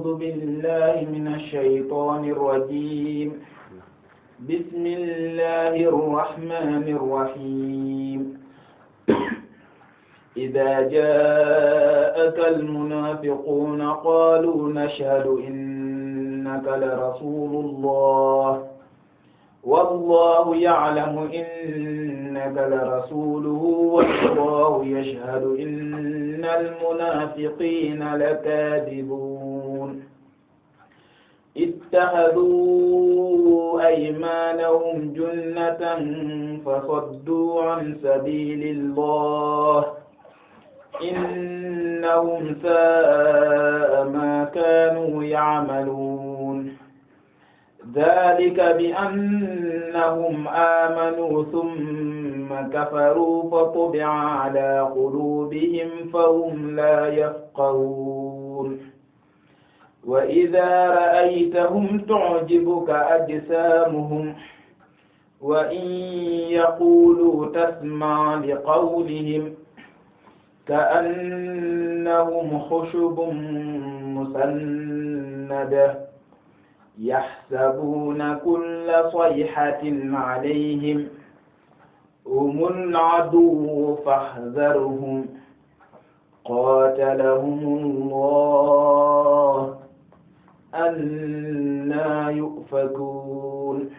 أعوذ بالله من الشيطان الرجيم بسم الله الرحمن الرحيم إذا جاءك المنافقون قالوا نشهد إنك لرسول الله والله يعلم إنك لرسوله والله يشهد إن المنافقين لكاذبون ittaxaduu aymaanahum junnatan fasadduu an sabiilillah innahum saa'a maa kaanuu ya'maluun zaalika bi'annahum aamanuu summa kafaruu faṭubi'a alaa quluubihim fahum laa yafqahuun وإذا رأيتهم تعجبك أجسامهم وإن يقولوا تسمع لقولهم كأنهم خشب مسندة يحسبون كل صيحة عليهم هم العدو فاحذرهم قاتلهم الله أنا يؤفكون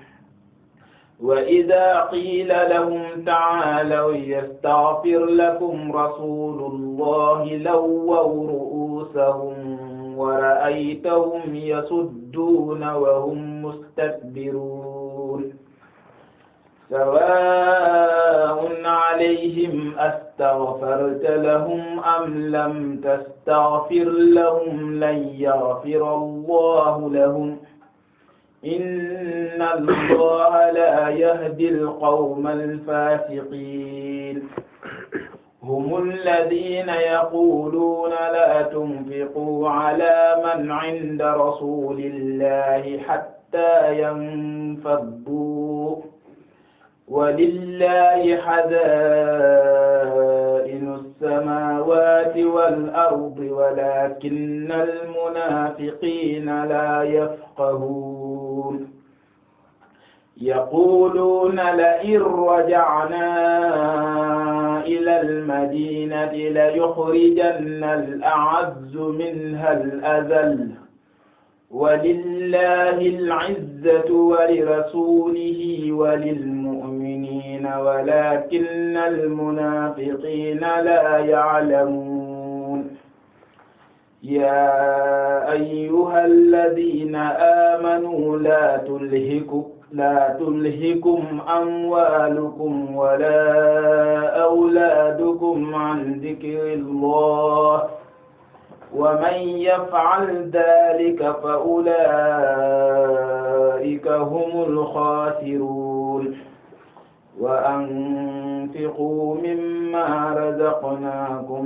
وإذا قيل لهم تعالوا يستغفر لكم رسول الله لووا رؤوسهم ورأيتهم يصدون وهم مستكبرون سواء عليهم أستغفرت لهم أم لم تستغفر لهم لن يغفر الله لهم إن الله لا يهدي القوم الفاسقين هم الذين يقولون لا تنفقوا على من عند رسول الله حتى ينفضوا walillahi xazaa'inu samaawaati wal ardi walaakinna almunaafiqiina laa yafqahuun yaquuluuna la'in raja'naa ilal madiinati layuxrijanna al-a'azzu minhaa al-azall walillahi al-izzatu wa lirasulihi wa lilmu'minina walakinna al-munafiqina la ya'lamun ya ayyuhalladhina amanu la tulhikum لا تلهكم أموالكم ولا أولادكم عن ذكر الله ومن يفعل ذلك فأولئك هم الخاسرون وأنفقوا مما رزقناكم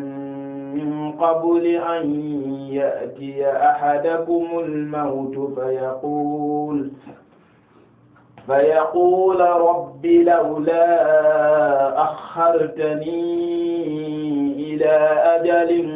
من قبل أن يأتي أحدكم الموت فيقول فيقول رب لولا أخرتني إلى أجل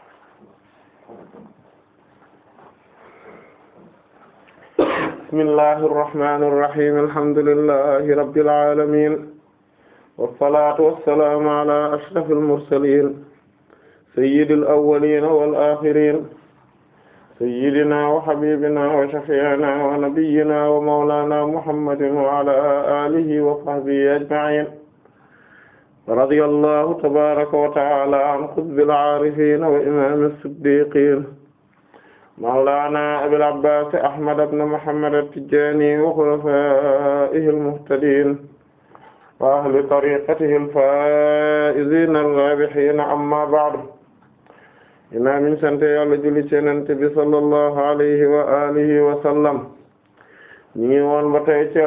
bismillahi irrahmani irrahim alhamdulillahi rabbil alamin wassalatu wassalamu ala ashrafil mursalin sayyidil awwalin wal akhirin sayyidina wa habibina wa shafi'ina wa nabiyyina wa mawlana muhammadin wa ala alihi wa sahbihi ajma'in radiyallahu tabaraka wa ta'ala an qutbil aarifin wa imam as-siddiqin mawlana abil abbas ahmad ibn muhammad at-tijani wa khulafaihi al-muhtadin wa ahli tariqatihi al-faizin ar-rabihin amma ba'd ina min sante Yàlla julli ci Yonent bi sallallahu alayhi wa alihi wa sallam ñi woon ba tay ci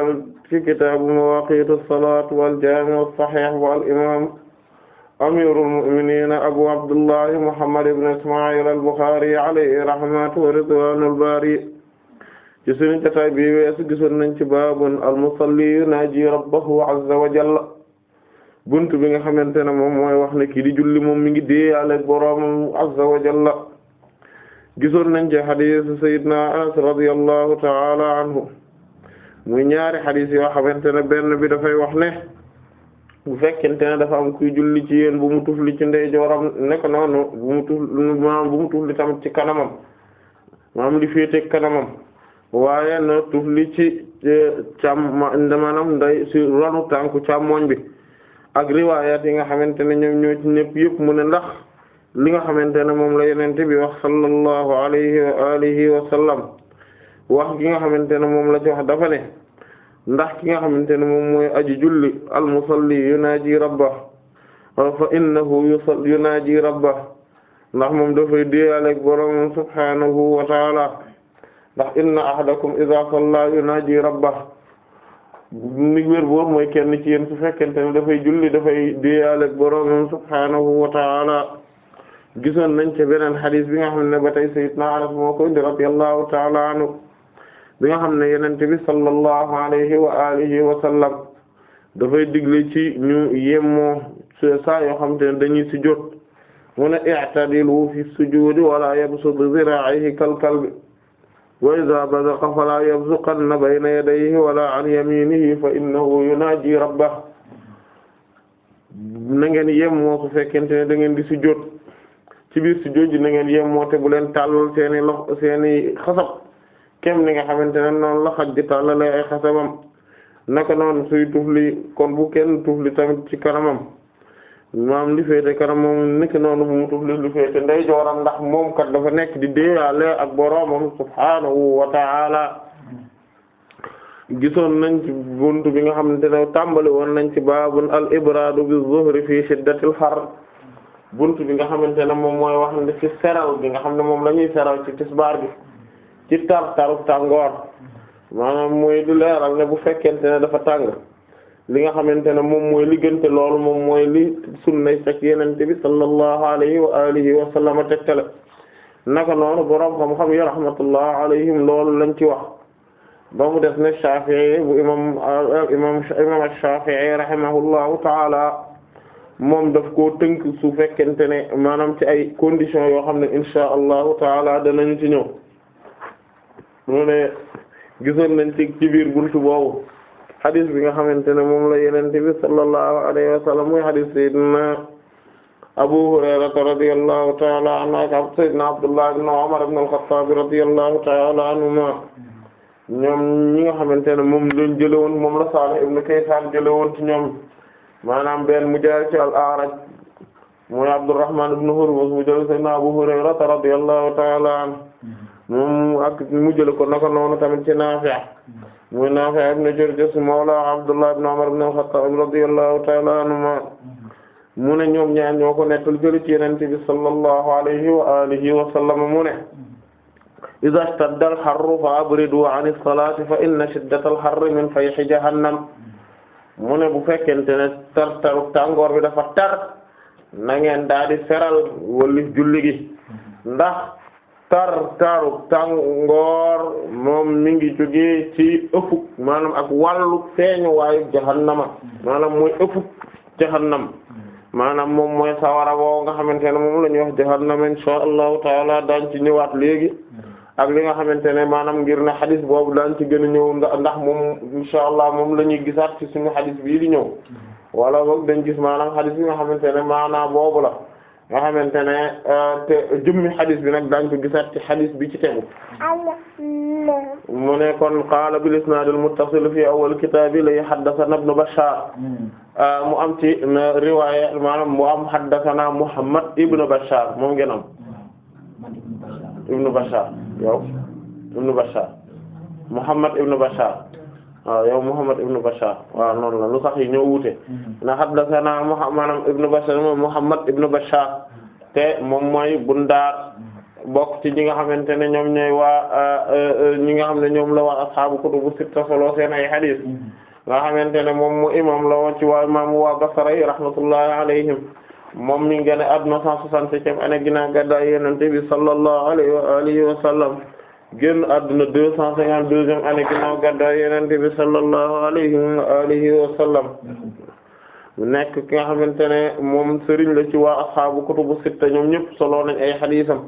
ci kitaabu mawaaqiitu salaat wal jaami saxiix wal imaam amiirul mu'miniin abu abdullahi muhammad ibn isma'il al buxaari alayhi rahmatu wa ridwaanul baari ci sunu jotaay bi weesu gisoon nañ ci baabun al musalli yunaaji rabbahu azza wa jalla bunt bi nga xamante ne moom mooy wax ne kii di julli moom mi ngi déeyaaleeg boroomam azza wa jalla gisoon nañ ci xadiis sayyidina anas radiyallahu ta'ala anhu mu ñaari xadis yoo xamante ne benn bi dafay wax ne bu fekkente ne dafa am kuy julli ci yéen bu mu tufli ci ndeyjooram nekk noonu bu mu bu mu tufli tamit ci kanamam maanaam li féete kanamam waaye na tufli ci e, càmm maanaam nday si ronu tànku càmmooñ bi ak riwaayaat yi nga xamante ne ñoom ñoo ci ñëpp yëpp mu ne ndax li nga xamante ne moom la yenente bi wax sallallahu alayhi wa alihi wa sallam wax gi nga xamante ne moom la ci wax dafa ne ndax ki nga xamante ne moom mooy aji julli almusalli yunaaji rabbahu fa innahu yusalli yunaaji rabbahu ndax moom dafay déyaaleeg boroom subhaanahu wa taala ndax inna ahadakum idha salla yunaaji rabbahu ni wér boor mooy kenn ci yéen su fekkente ne dafay julli dafay déyaaleeg boroom subhaanahu wa taala gisoon nañ ci beneen xadis bi nga xam ne ba tey sayyidna Anas moo ko indi radiyallahu taala anhu bi nga xam ne yenente bi sallallahu alayhi wa alihi wa sallam dafay digle ci ñu yemmoo saa yoo xam te ne dañuy sujjóot mu ne i'tadilu fi sujudi wala yabsut zira'ihi kal kalbi wa idha bazaqa fala yabzuqanna bayna yadayhi wala an yaminihi fa innahu yunaji rabbah na ngeen yemmoo su fekkente ne dangeen ngeen di sujjóot ci biir sujjóot ji na ngeen yemmoo te bu leen tàllal seeni lox kem ni nga xamante ne noonu la xaj di tàllale ay xasabam naka noonu suy tufli kon bu kenn tufli tamit ci kanamam maam li féete kanamam naka noonu bu mu tufli li féete ndeyjooram ndax moom kat dafa nekk di déeyaale ak boroomam subhaanahu wa ta'ala gisoon nañ ci bunt bi nga xamante ne tàmbali woon nañ ci baabu al ibradu bi zuhri fi shiddatil har buntu bi nga xamante na moom mooy wax ne ci seral bi nga xam ne moom la ñuy seral ci tisbaar bi ci tar taru tàngoor maanaam mooy du leeral ne bu fekkente ne dafa tàng li nga xamante ne moom mooy li gënte loolu moom mooy li sunnay sax yenente bi sallallahu alayhi wa alihi wa sallama tegtale naka noonu boroom xam-xam yi rahmatullah alayhim loolu lañ ci wax ba mu des ne Shafi'i bu imam imam imam Shafi'i rahimahullahu taala moom daf koo tënk su fekkente ne maanaam ci ay conditions yoo xam ne insha allahu taala danañu ci ñëw mu ne gisoon nañ ci ci biir buntu boobu xadis bi nga xamante ne moom la yeneen bi sallallahu alayhi wa sallam mooy xadis sayyidina Abu Hurayrata radiyallahu ta'ala anhu ak sayyidina Abdullah ibn Umar ibn al ñoom ñi nga xamante ne moom lañ jëlee woon moom la Salih ibn Kaysan jëlee woon ci ñoom maanaam benn mu jaar ci al-A'raj mooy Abdurrahman ibn Hurmuz mu jëlee sayyidina Abu Hurayrata radiyallahu ta'ala anhu ak mu jël ko naka noonu tamit ci Naafi' muy Naafi' ibn Jurjus mawla Abdullah ibn Umar ibn al-Khattab radiyallahu ta'ala anhuma mu ne ñoom ñaar ñoo ko nettal jël ci Yonent bi sallallahu alayhi wa alihi wa sallam mu ne iza ishtadda al-harru fa abridu inna shiddata al min fayhi jahannam mu bu fekkente ne tar taru tàngoor bi dafa tar na ngeen daal di feral ndax tar taru ngoor moom mi ngi jógee ci ëffuk maanaam ak wàllu feeñu waayu jahannama maanaam mooy ëffuk jahannam maanaam moom mooy sawara woo nga xamante ne moom la ñuy wax jahannam inshaa allahu taala daañ ci ñëwaat léegi ak li nga xamante ne maanaam ngir na xadis boobu daañ ci gën a ñëw ndax moom inshaa allah moom la ñuy gisaat ci suñu xadis bii di ñëw wala boog dañ gis maanaam xadis bi nga xamante ne maanaa boobu la nga xamante ne euh, te jëmmi xadis bi nag daañu ko gisaat ci xadis bi ci tegu mu ne kon qaala bil isnaad al muttasil fi awwal kitaab li haddathana ibn Bashshar hmm. euh, mu am ci riwaaya maanaam mu am haddathana Muhammad ibn Bashshar moom ngeen am ibn Bashshar yow ibn Bashshar Muhammad ibn Bashshar waaw yow Muhammad ibn Bashar waaw noonu la lu sax yi ñoo wuute mm-hmm. na haddathana maanaam ibn Bashar moom Muhammad ibn Bashar te moom mooy Bundaar mm-hmm. bokk ci ñi nga xamante ne ñoom ñooy waa uh, uh, uh, ñi nga xam ne ñoom la wa ashaabu kutubu sitta solo seen ay hadith mm-hmm. nga xamante ne moom mu imam la woon ci waa imaamu waa Basra yi rahmatullahi alayhim moom mi ngi génn àdduna ane ginnaaw gàddaay Yonent bi sallallahu alayhi wa alihi wa sallam génn àdduna deux cent cinquante deuxième année ginnaaw gàddaay Yonent bi sallallahu alayhi wa alihi wa sallam nekk ki nga xamante ne moom sëriñ la ci waa ashaabu kutubu sitta ñoom ñëpp solo nañ ay xadiisam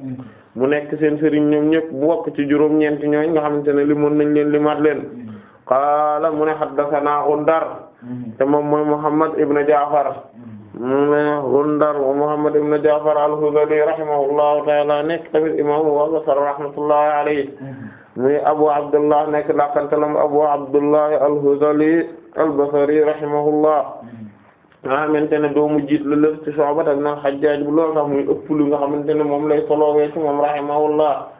mu nekk seen sëriñ ñoom ñëpp mu bokk ci juróom-ñeent ñooñ nga xamante ne limoon nañ leen limaat leen qaala mu ne haddasanaa Gundar te moom mooy Muhammad ibn Jaafar Gundar wa Muhammad ibn Ja'far al-Hudhali rahimahullahu ta'ala nekk tamit imaamu waa Basra rahmatullahi alayhi mm-hmm. muy Abu Abdullah nekk laqantalam Abu Abdullah al-Hudhali al-Basri rahimahullah mm-hmm. nga xamante ne doomu jiit la lépp ci Shu'ba ibn al-Hajjaj bu loolu tax muy ëpp lu nga xamante ne moom lay solowee ci moom rahimahullah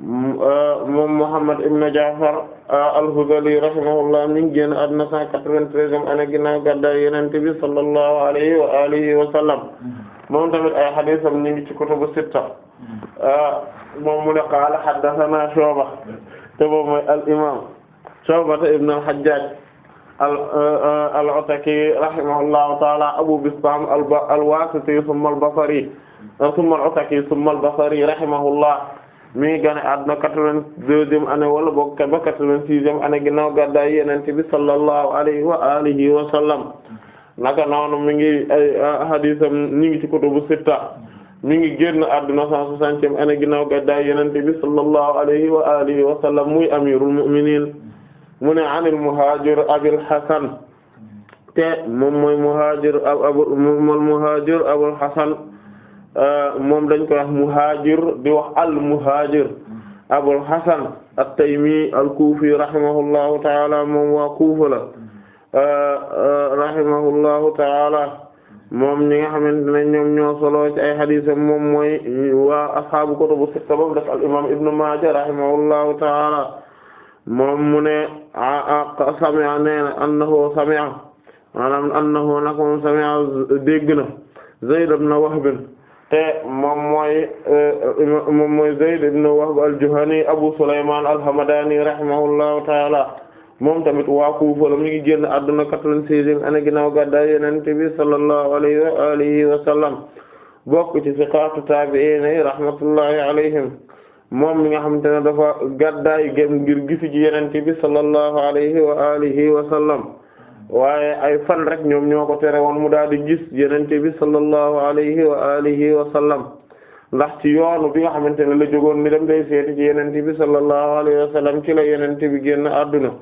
moom Muhammad ibn Ja'far al-Hudhali rahimahullah mi ngi génn àdduna 193e année ginnaaw gàddaay Yonent bi sallallahu alayhi wa alihi wa sallam moom tamit ay hadiisam ñu ngi ci kutubu sitta moom mu ne qaala haddathanaa Shu'ba te moom mooy al-imaam Shu'ba ibn al-Hajjaj al-Ataki rahimahullahu ta'ala Abu Bistam al-Wasiti thumma al-Basri thumma al-Ataki thumma al-Basri rahimahullah mi ngi gane àdduna quatre-vingt-deuxième année wala boog ba quatre-vingt-sixième année ginnaaw gàddaay Yonent bi sallallahu alayhi wa alihi wa sallam naka noonu mi ngi ay hadisam ñi ngi ci kutubu sitta mi ngi génn àdduna cent soixantième année ginnaaw gàddaay Yonent bi sallallahu alayhi wa alihi wa sallam muy amirul mu'minin mu ne anil muhajir abil hasan te moom mooy muhajir hasan Euh, moom dañ koy wax muhajir di wax al muhajir mm-hmm. abul hasan at-taymi al-kufi rahimahullahu taala moom waa kuufa mm-hmm. euh, euh, rahimahullahu taala moom ñi nga xamante ne ñoom ñoo ay xadisam moom mooy waa ashaabu kutubu sitta bam def al-imam ibnu maaja rahimahullahu taala moom mu ne sami'a neena annahu sami'a maanaam annahu nako moom sami'a dégg na zayd ibn wahb te moom mooy euh, euh, moom mooy Zayd ibn Wahb al-Juhani Abu Sulayman al-Hamadani rahimahullahu ta'ala moom tamit waa Kufa mi ngi génn àdduna 96 ana ginnaaw gàddaay Yonent bi sallallahu alayhi wa alihi wa sallam bokk ci siqaatu taabi'iin rahmatullahi alayhim moom mi nga xamante ne dafa gàddaay gëm ngir gisi ji Yonent bi sallallahu alayhi wa alihi wa sallam waaye ay fan rek ñoom ñoo ko tere woon mu daal di gis yenente bi sallallahu alayhi wa alihi wa sallam ndax ci yoonu bi nga xamante ne la jógoon ni dem day seeti ci yenente bi sallallahu alayhi wa sallam ci yeneen yenente bi génn adduna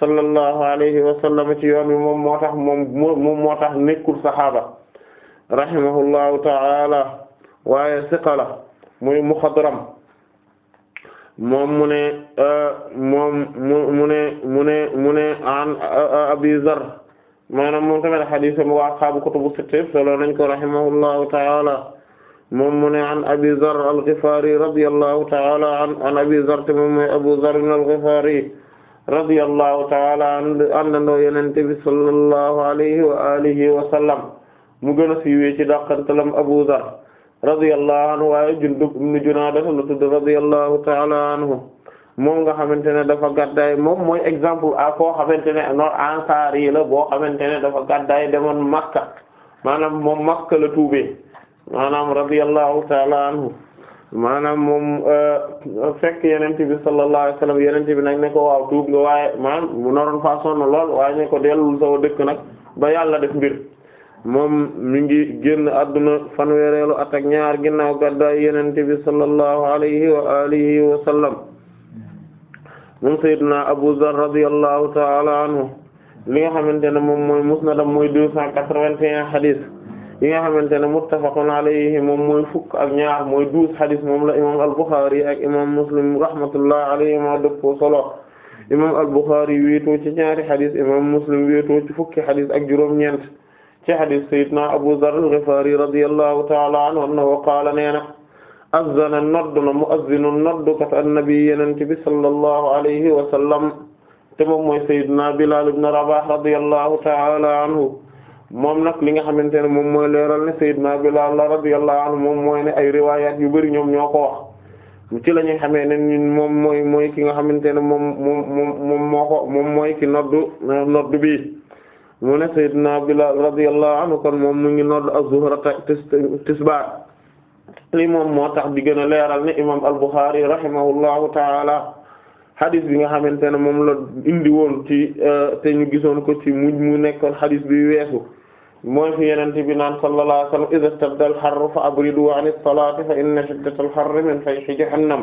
sallallahu alayhi wa sallam ci yoon bi moom moo tax moom moom moo tax nekkul saxaaba rahimahullahu ta'ala waaye siqala muy muxadram moom mu ne euh, moom mu ne mu ne mu ne an euh, Abi Zarr maanaam moom tamit hadith mu waa xaabu kutubu sitta solo nañ ko rahimahullahu ta'ala moom mu ne an Abi Zarr al-Ghifari radiyallahu ta'ala an an Abi Zarr te moom mooy Abu Zarr al-Ghifari radiyallahu ta'ala àndandoo Yonent bi sallallahu alayhi wa alihi wa sallam mu gën a siiwee ci dàqantalam Abu Zarr radiyallahu anhu waaye Jundub ibn Junaada la tudd radiyallahu ta'ala anhu moom nga xamante ne dafa gàddaay moom mooy exemple a koo xamante ne noon ansaar yi la boo xamante ne dafa gàddaay demoon Makka maanaam moom Makka la tuubee maanaam radiyallahu ta'ala anhu maanaam moom euh, fekk yenente bi sallallahu alayhi wasallam yenente bi nag ne ko waaw tuub nga waaye maanaam mu naroon façon na lool waaye ne ko dellul saw dëkk nag ba yàlla def mbir moom mi ngi génn adduna fanweereelu at ak ñaar ginnaaw gàddaay Yonent bi sallallahu alayhi wa alihi wa sallam moom Seydina Abu Dharr radiyallahu ta'ala anhu li nga xamante ne moom mooy musnadam mooy deux cent quatre-vingt-un hadith yi nga xamante ne muttafaqun alayhi moom mooy fukk ak ñaar mooy douze hadith moom la imam al-Bukhari ak imam Muslim rahmatullah alayhi ma dëppoo solo imam al-Bukhari wéetoo ci ñaari hadith imam Muslim wéetoo ci fukki hadith ak juróom ci hadis sayyidina Abu Zarr al-Ghifari radiyallahu ta'ala anhu annahu qaala nee na azzana nodd na muazzinu noddkat annabi yenente bi sallallahu alayhi wa te moom mooy sayyidina Bilal ibn Rabah radiyallahu ta'ala anhu moom nag li nga xamante ne moom mooy leeral ne sayyidina Bilal la radiyallahu anhu moom mooy ne ay riwayat yu bari ñoom ñoo ko wax ci la ñuy xamee ne ñun moom mooy mooy ki nga xamante ne moom moom moom moom moo ko moom mooy noddu bi mu ne Seydina Bilaal radiyallahu anhu kon moom mu ngi nodd az-zuhr tisbaar li moom moo tax di gën a leeral ne imaam al-Bukhari rahimahullahu taala xadis bi nga xamante ne moom la indi woon ci euh, te ñu gisoon ko ci mujj mu nekkoon xadis bi weesu moo fi Yonent bi naan sallallahu alayhi wa sallam iza stadda al-harru fa abridu an as-salaati fa inna shiddata al-harri min fayhi jahannam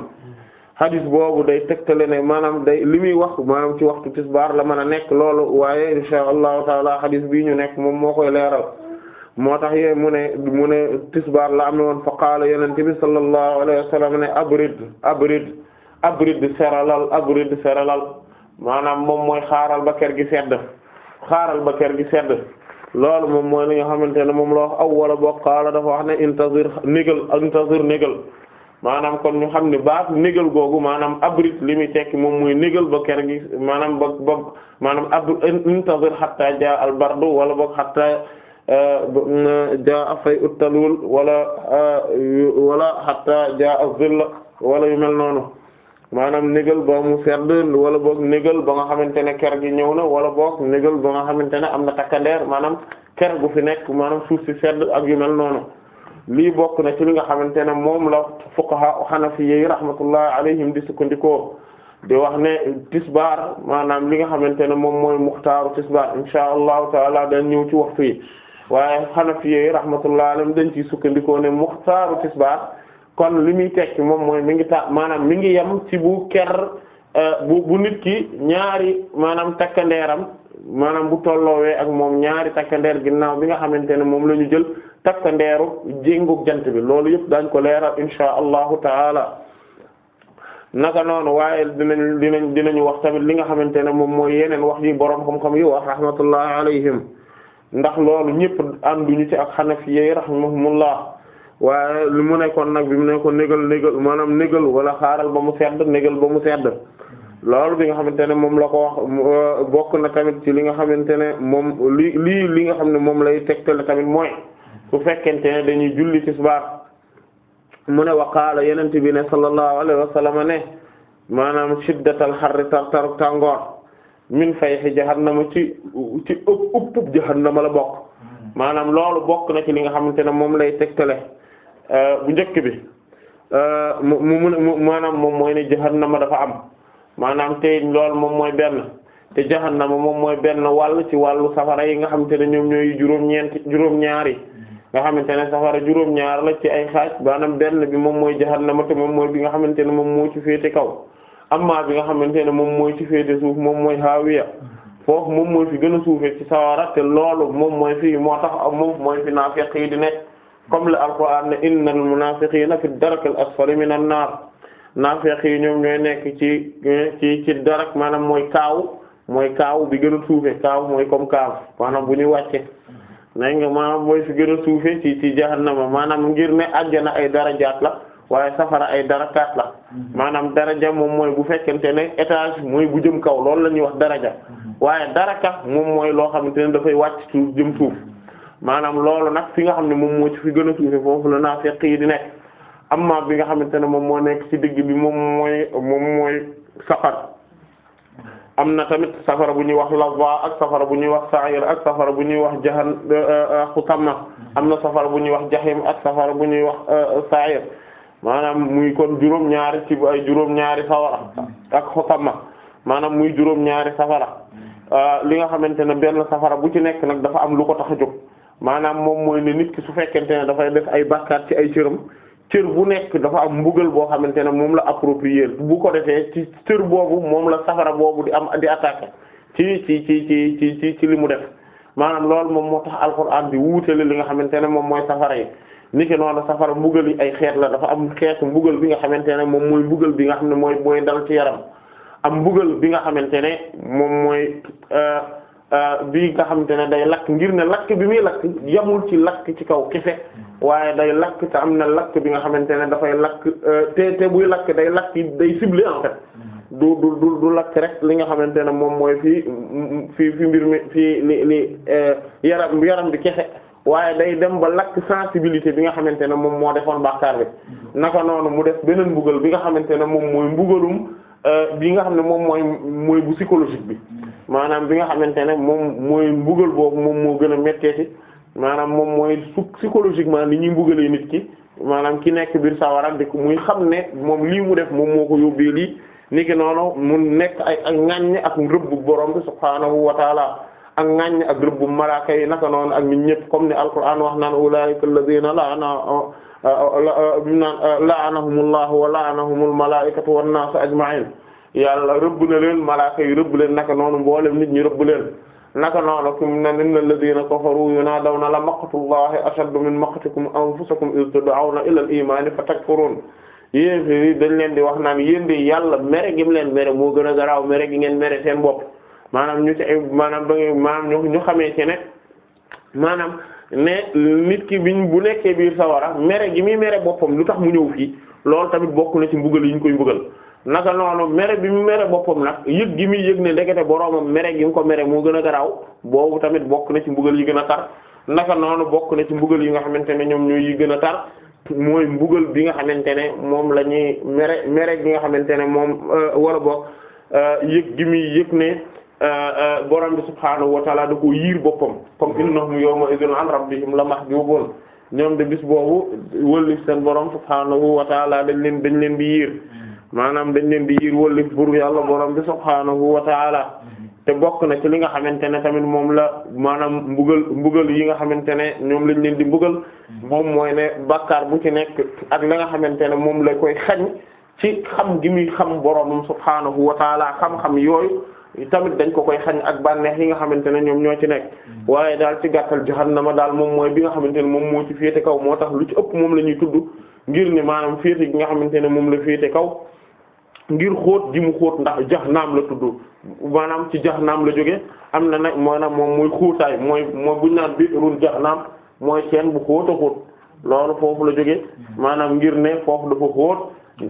xadis boobu day tegtale ne maanaam day li muy wax maanaam ci waxtu tisbaar la mën a nekk loolu waaye insha allahu taala xadis bii ñu nekk moom moo koy leeral moo tax yee mu ne mu ne tisbaar la am ne woon fa qaala yonent bi sallallahu alayhi wa sallam ne abrid abrid abrid seralal abrid maanaam moom mooy xaaral ba kër gi sedd xaaral ba kër gi sedd loolu moom mooy li nga xamante ne moom loo wax awwala boo qaala dafa wax ne intazir négal intazir négal maanaam kon ñu xam ne baatu négal googu maanaam abrit li muy tekki moom muy négal ba ker gi maanaam ba ba maanaam ab intazir hatta jaa al bardu wala boog hatta euh, jaa fay uttalul wala euh, wala hatta jaa az-zill wala yu mel noonu maanaam négal ba mu sedd wala boog négal ba nga xamante ne ker gi ñëw na wala book négal ba nga xamante ne am na takkandeer maanaam ker gu fi nekk maanaam suuf si sedd ak yu mel noonu lii bokk na ci li nga xamante ne moom la fuqaha hanafiyyi rahmatullahi alayhim di sukkandikoo di wax ne tisbaar maanaam li nga xamante ne moom mooy muxtaaru tisbaar insha allahu taala dañ ñëw ci waxtu yi waaye hanafiyyi rahmatullahi alayhim dañ ciy sukkandikoo ne muxtaaru tisbaar kon li muy tekki moom mooy mi ngi ta maanaam mi ngi yem ci bu ker euh, bu bu nit ki ñaari maanaam takkandeeram maanaam bu tolloowee ak moom ñaari takkandeer ginnaaw bi nga xamante ne moom la ñu jël takk ndeeru jéngug jant bi loolu yëpp dañ ko leeral insha allahu taala naka noonu waaye dinañ dinañ dinañu wax tamit li nga xamante ne moom mooy yeneen wax yi boroom xam-xam yi wax rahmatullahi alayhim ndax loolu ñëpp ànduñu ci ak xanafiyyi rahimahumullah waaye li mu nekkoon nag bi mu nekkoon négal négal maanaam négal wala xaaral ba mu sedd négal ba mu sedd loolu bi nga xamante ne moom la ko wax bokk na tamit ci li nga xamante ne moom li lii li nga xam ne moom lay tegtale tamit mooy bu fekkente ne dañuy julli tisbaar mu ne wa qaala yonent bi ne sallallahu alayhi wa sallam ne maanaam shiddatal harri tartaru tàngoor min fayhi jahannama ci ci ëpp ëpp jahannama la bokk maanaam loolu bokk na ci li nga xamante ne moom lay tegtale euh, u njëkk bi euh, mu mu maanaam moom mooy ne jahannama dafa am maanaam te loolu moom mooy benn te jahannama moom mooy benn wàll ci wàllu safara yi nga xamante ne ñoom ñooy juróom juróom-ñaari. nga xamante ne safara juróom-ñaar la ci ay xaaj maanaam benn bi moom mooy jahannama te moom mooy bi nga ne moo ci féete kaw amma bi nga xamante ne moom mooy ci féete suuf moom mooy haawiya foofu moom mooy fi gën a suufee ci sawara te loolu moom mooy fi moo tax moom mooy fi naafiq yi di nekk comme le alquran ne innal munafiqina fi darakil asfali minan naar naafiq yi ñoom ñooy nekk ci ci ci darak maanaam mooy kaaw mooy kaaw bi gën a suufee kaaw mooy comme kaaw maanaam bu ñuy nag nga maanaam mooy fi gën a suufee ci ci jahannama maanaam ngir ne àjjana ay dara jaat la waaye safara ay dara darakaat la mm-hmm. maanaam daraja moom mooy bu fekkente ne étage mooy bu jëm kaw loolu la ñuy wax daraja mm-hmm. waaye dara daraka moom mooy loo xamante ne dafay wàcc suuf jëm suuf maanaam loolu nag fi nga xam ne moom moo ci fi gën a suufee foofu naa naafiq yi di am amma bi nga xamante ne moom moo nekk ci digg bi moom mooy moom mooy safar am na tamit safara bu ñuy wax lawa ak safara bu ñuy wax sa'ir ak safara bu ñuy wax jahan euh, euh, xutama am na safara bu ñuy wax jahim ak safara bu ñuy wax euh, sa'ir maanaam muy kon juróom-ñaari ay juróom-ñaari safara ak xutama maanaam muy juróom-ñaari safara li nga xamante ne benn safara bu ci nekk nag dafa am lu ko tax a jóg maanaam moom mooy ne nit ki su fekkente ne dafay def ay bakkaat ci ay cëram cër bu nekk dafa am mbugal boo xamante ne moom la approprier bu ko defee ci cër boobu moom la safara boobu di am di attaquer ci ci ci ci ci ci li mu def maanaam loolu moom moo tax alxuraan bi wuutale li nga xamante ne moom mooy safara yi niki noonu safara mbugal yi ay xeet la dafa am xeetu mbugal bi nga xamante ne moom mooy mbugal bi nga xam ne mooy mooy dal yaram am mbugal bi nga xamante ne moom mooy euh, euh, bi nga xamante ne day lakk ngir ne lakk bi muy lakk yamul ci lakk ci kaw kese waaye day lakk te am na lakk bi nga xamante ne dafay lakk euh, te buy lakk day lakk day ciblé en fait mm-hmm. du du lakk rek li nga xamante ne moom mooy fii fii fi mbir mi fii li li euh, yaram yaram bi kese waaye day dem ba lakk sensibilité bi nga xamante ne moom moo defoon bàkkaar bi mm-hmm. noonu mu def beneen mbugal bi nga xamante ne moom mooy mbugalum euh, bi nga xam ne moom mooy mooy bu psychologique bi mm-hmm. maanaam bi nga xamante ne moom mooy mbugal boobu moom moo gën a métteeti maanaam moom mooy psychologiquement ni ñuy mbugalee nit ki maanaam ki nekk biir sawara di ko muy xam ne moom lii mu def moom moo ko yóbbee lii ni ki noonu mu nekk ay ak ŋàññ ak rëbb borom bi subhaanahu wa taala ak ŋàññ ak rëbbu malaaka yi naka noonu ak nit ñëpp comme ni alquran wax naan ulaa'ika alladhiina la'ana naan la'anahumullahu wa la'anahumul malaa'ikatu wan naasu ajma'in yàlla rëbb na leen malaaka yi rëbb leen naka noonu mboolem nit ñi rëbb leen naka noonu fi mu ne inna alladhina kafaru yunadawna la maqtullahi ashaddu min maqtikum anfusakum iz tad'awna ila al-iman fatakfurun yéeféer yi dañ leen di wax naan yéen di yàlla mere gi leen mere moo gën a garaaw mere gi ngeen mere seen bopp maanaam ñu maanaam da maanaam ñu xamee ci ne maanaam ne nit ki biñ bu nekkee biir sawara mere gi muy mere boppam lu tax mu ñëw fii loolu tamit bokk na ci mbugal yi ñu koy mbugal naka noonu mere bi mu mere boppam na yëg gi muy yëg ne ndekete boroomam mere gi ko mere moo gën a garaaw boobu tamit bokk na ci mbugal yi gën a tar naka noonu bokk na ci mbugal yi nga xamante ne ñoom ñooy gën a tar mooy mbugal bi nga xamante ne moom la ñuy mere mere gi nga xamante ne moom euh, wala bokk euh, yëg gi muy yëg ne euh, borom bi subhaanahu wa taala da ko yiir boppam comme innahum yawma idhin an gën la mahjuubun ñoom de bis boobu wëlif seen borom subhaanahu wa dañ leen dañ leen di yiir maanaam dañ leen di yiir wëllif pour yàlla borom bi subhaanahu wa taala te bokk na ci li nga xamante ne tamit moom la maanaam mbugal mbugal yi nga xamante ne ñoom lañ leen di mbugal moom mooy ne bàkkaar bu ci nekk ak la nga xamante ne moom la koy xañ ci xam gi muy xam boromam subhaanahu wa taala xam-xam yooyu tamit dañ ko koy xañ ak bànneex yi xamante ne ñoom ñoo ci nekk waaye daal ci gàttal jahannama daal moom mooy bi nga xamante ne moom moo ci féete kaw moo tax lu ci ëpp moom la ñuy tudd ngir ni maanaam féete gi nga xamante ne moom la féete kaw ngir xóot gi mu xóot ndax naam la tudd maanaam ci Jahannam la jóge am na nag maanaam moom mooy xóotaay mooy mooy buñ naan biirul Jahannam mooy seen bu xóot a xóot loolu foofu la jóge maanaam ngir ne foofu dafa xóot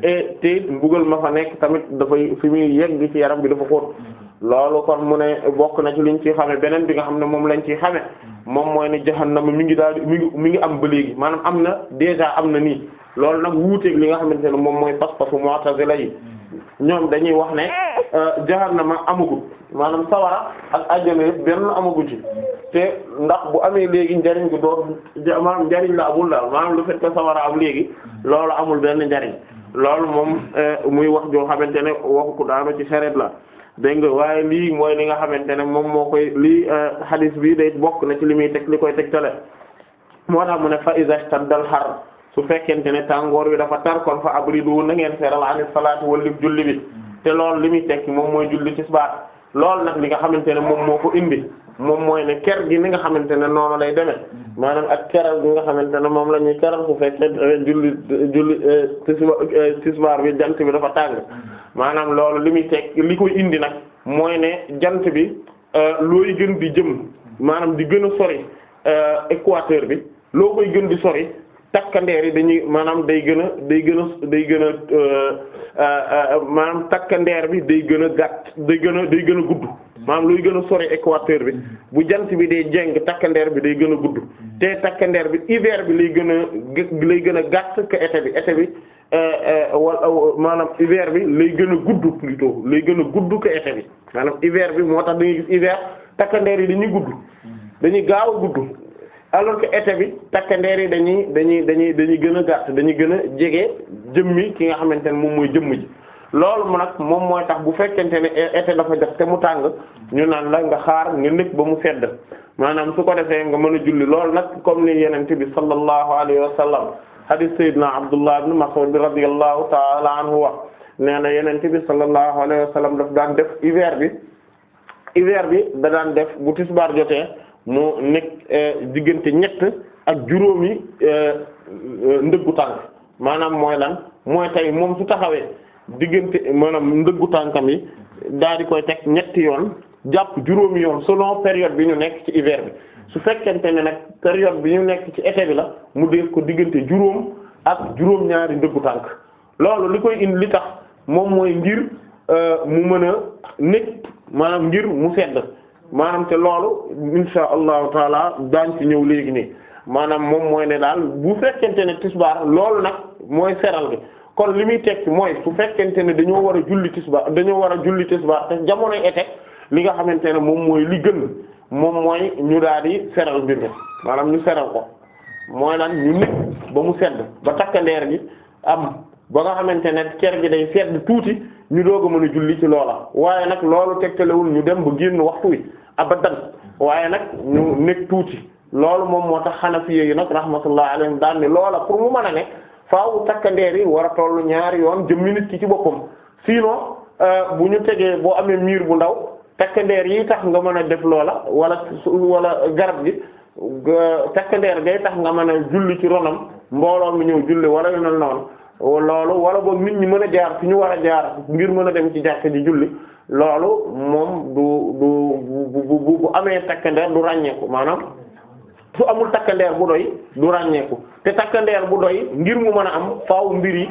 et ma fa nekk tamit dafay fi muy yegg ci yaram bi dafa xóot loolu kon mu ne bokk na ci liñ ciy beneen bi nga xam ne moom lañ ciy xame moom mooy ne Jahannam mi ngi daal mi ngi am ba léegi maanaam am na déjà am na nii loolu nag wuuteeg li nga xamante ne moom mooy pas-pasu Mu'tazila yi ñoom dañuy wax ne eh. euh, ma amagut maanaam sawara ak àjjana benn amagu ci te ndax bu amee léegi njariñ gu door maanaam njariñ la amul la maanaam lu fekk a am léegi loolu amul benn njariñ loolu moom euh, muy wax joo xamante ne waxu ko daanu ci sareet la dégg nga waaye lii mooy li nga xamante ne moom moo koy lii hadith euh, bii day bokk na ci li muy teg li koy tegtale moo tax mu ne fa iza tadal xar su fekkente ne tàngoor wi dafa tar kon fa abridu na ngeen seeral ani salaatu wala julli bi te loolu li muy tekki moom mooy julli tisbaar loolu nag li nga xamante ne moom moo ko indi moom mooy ne ker gi ni nga xamante ne noonu lay demee maanaam ak keral gi nga xamante ne moom la ñuy keral su fekkee eh, julli julli eh, eh, tisbaar bi jant bi dafa tàng maanaam loolu li muy tekki li koy indi nag mooy ne jant bi looy gën di jëm maanaam di gën a sori équateur bi loo koy gën di sori. takkandeer yi dañuy maanaam day gën a day gën a day gën a euh, euh, euh, maanaam takkandeer bi day gën a gàtt day gën a day gën a gudd maanaam luy gën a sori équateur bi bu jant bi day jeng takkandeer bi day gën a gudd te takkandeer bi hiver bi lay gën a lay gën a gàtt que été bi été bi wala maanaam hiver bi lay gën gudd plutôt lay gën a gudd ko été bi maanaam hiver bi moo tax dañuy gis hiver takkandeer yi dañuy gudd dañuy gaaw a gudd alors que été bi takkandeer yi dañuy dañuy dañuy dañuy gën a gàtt dañuy gën a jege jëmmi ki nga xamante ne moom mooy jëmm ji loolu mu nag moom mooy tax bu fekkente ne été dafa def te mu tàng ñu naan la nga xaar nga nekk ba mu sedd maanaam su ko defee nga mën a julli lool nag comme ni yenente bi sallallahu alayhi wa sallam hadis sayyidina Abdullah ibn Mas'ud bi radiyallahu ta'ala anhu wax nee na yenente bi sallallahu alayhi wa sallam daf daan def hiver bi hiver bi da daan def bu tisbaar jotee mu nekk euh, diggante ñett ak juróomi euh, euh, ndëggu tànk maanaam mooy lan mooy tey moom su taxawee diggante maanaam ndëggu tànkam yi daal di koy teg ñetti yoon jàpp juróomi yoon selon période bi ñu nekk ci hiver bi su fekkente ne nag période bi ñu nekk ci été bi la mu def ko diggante juróom ak juróom ñaari ndëggu tànk loolu li koy indi li tax moom mooy ngir mu mën a nekk maanaam ngir mu sedd maanaam te loolu insha allahu taala daañ ci ñëw léegi nii maanaam moom mooy ne daal bu fekkente ne tisbaar loolu nag mooy seral gi kon li muy tekki mooy su fekkente ne dañoo war a julli tisbaar dañoo war a julli jamonoy été li nga xamante ne moom mooy li gën moom mooy ñu daal di seral mbir mi maanaam ñu seral ko mooy lan ñu nekk ba mu sedd ba takkandeer gi am ba nga xamante ne ter gi day sedd tuuti ñu doog a mën julli ci loola waaye nag loolu tegtalewul ñu dem ba génn waxtu wi abadan waaye nag ñu nekk tuuti loolu moom moo tax xanafiya yi nag rahmatullah alayhim daan ne loola pour mu mën a nekk faawu takkandeer yi war a tollu ñaari yoon jëm minute ci boppam sinon euh, bu ñu tegee boo amee miir bu ndaw takkandeer yi tax nga mën a def loola wala wala garab gi euh, takkandeer day tax nga mën a julli ci ronam mbooloo mi ñëw julli wala yu mel noonu loolu wala boog nit ñi mën a jaar fi ñu war a jaar ngir mën a dem ci jàkk ji julli loolu moom du du bu bu amee takkandeer du ràññeeku maanaam su amul takkandeer bu doy du ràññeeku te takkandeer bu doy ngir mu mën a am faw mbir yi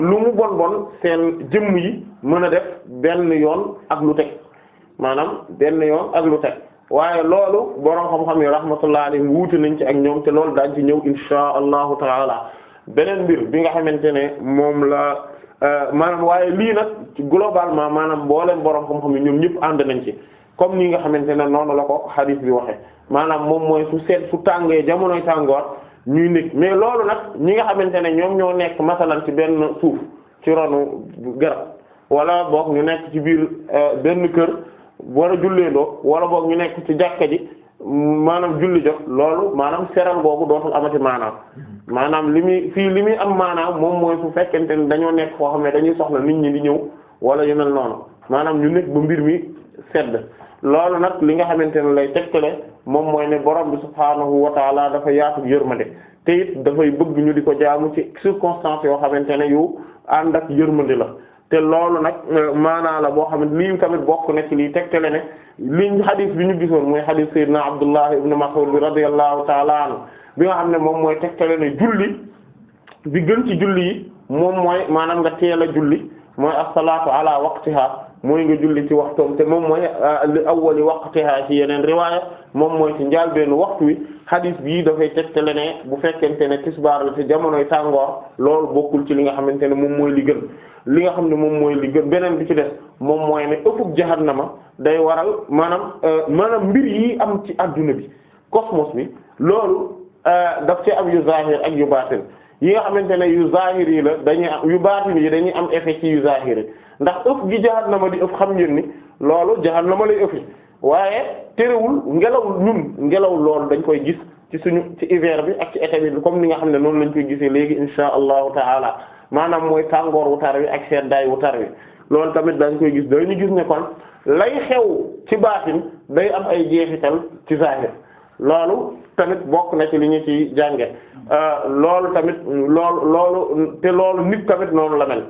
lu mu bon bon seen jëmm yi mën a def benn yoon ak lu teg maanaam benn yoon ak lu teg waaye loolu boroom xam-xam yi rahmatullah alayhi wuute nañ ci ak ñoom te loolu daañ ci ñëw insha allahu taala beneen mbir bi nga xamante ne moom la euh, maanaam waaye lii nag globalement maanaam mboolem borom xam-xam ñoom ñëpp ànd nañ ci comme ni nga xamante ne noonu la ko hadith bi waxe maanaam moom mooy su seet su tàngee jamonoy tàngoor ñuy nekk mais loolu nag ñi nga xamante ne ñoom ñoo nekk masalan ci benn suuf ci ronu garab wala boog ñu nekk ci biir euh, benn kër war a doo wala boog ñu nekk ci jàkka ji maanaam julli jot loolu maanaam seral boobu dootul amati maanaam maanaam li muy fii li muy am maanaam moom mooy su fekkente ne dañoo nekk foo xam ne dañuy soxla nit ñii di ñëw wala yu mel noonu maanaam ñu nekk mbir mi sedd loolu nag li nga xamante ne lay tegtale moom mooy ne borom bi subhaanahu wa taala dafa yaatu yërmande te dafay bëgg di ko jaamu ci circonstances yoo xamante ne yu ànd ak yërmande la te loolu nag euh, maanaa la boo xam ne lii tamit bokk na ci liy tegtale ne lii xadis bi ñu gisoon mooy xadis sayyidina Abdullah ibn Mas'ud bi radiyallahu ta'ala anhu bi nga xam ne moom mooy tegtale ne julli bi gën ci julli yi moom mooy maanaam nga teel a julli mooy as-salaatu ala waqtiha mooy nga julli ci waxtoom te moom mooy euh, li awwali waqtiha ci yeneen riwaaya moom mooy ci njaalbeenu waxtu wi hadith bii dafay tegtale ne bu fekkente ne tisbaar la te jamonoy tàngoor loolu bokkul ci li nga xamante ne moom mooy li gën li nga xam ne moom mooy li gën beneen bi ci des moom mooy ne ëppub jahannama day waral maanaam euh, maanaam mbir yi am ci adduna bi cosmos bi loolu euh, daf ci am yu zahir ak yu baatin yi nga xamante ne yu zahir yi la dañuy am yu baatin yi dañuy am effet ci yu zahir yi ndax ëpp gi jahannama di ëpp xam ngeen ni loolu jahannama lay ëpp waaye terewul ngelaw ñun ngelaw loolu dañ koy gis ci suñu ci hiver bi ak ci été bi comme ni nga xam ne noonu lañ koy gisee léegi insha allahu taala maanaam mooy tàngoor wu tar wi ak seddaay wu tar wi loolu tamit dañ koy gis dañu gis ne kon lay xew ci baatin day am ay jeexital ci zahir loolu tamit bokk na ci li ñu ci jànge euh, loolu tamit loolu loolu te loolu nit tamit noonu la mel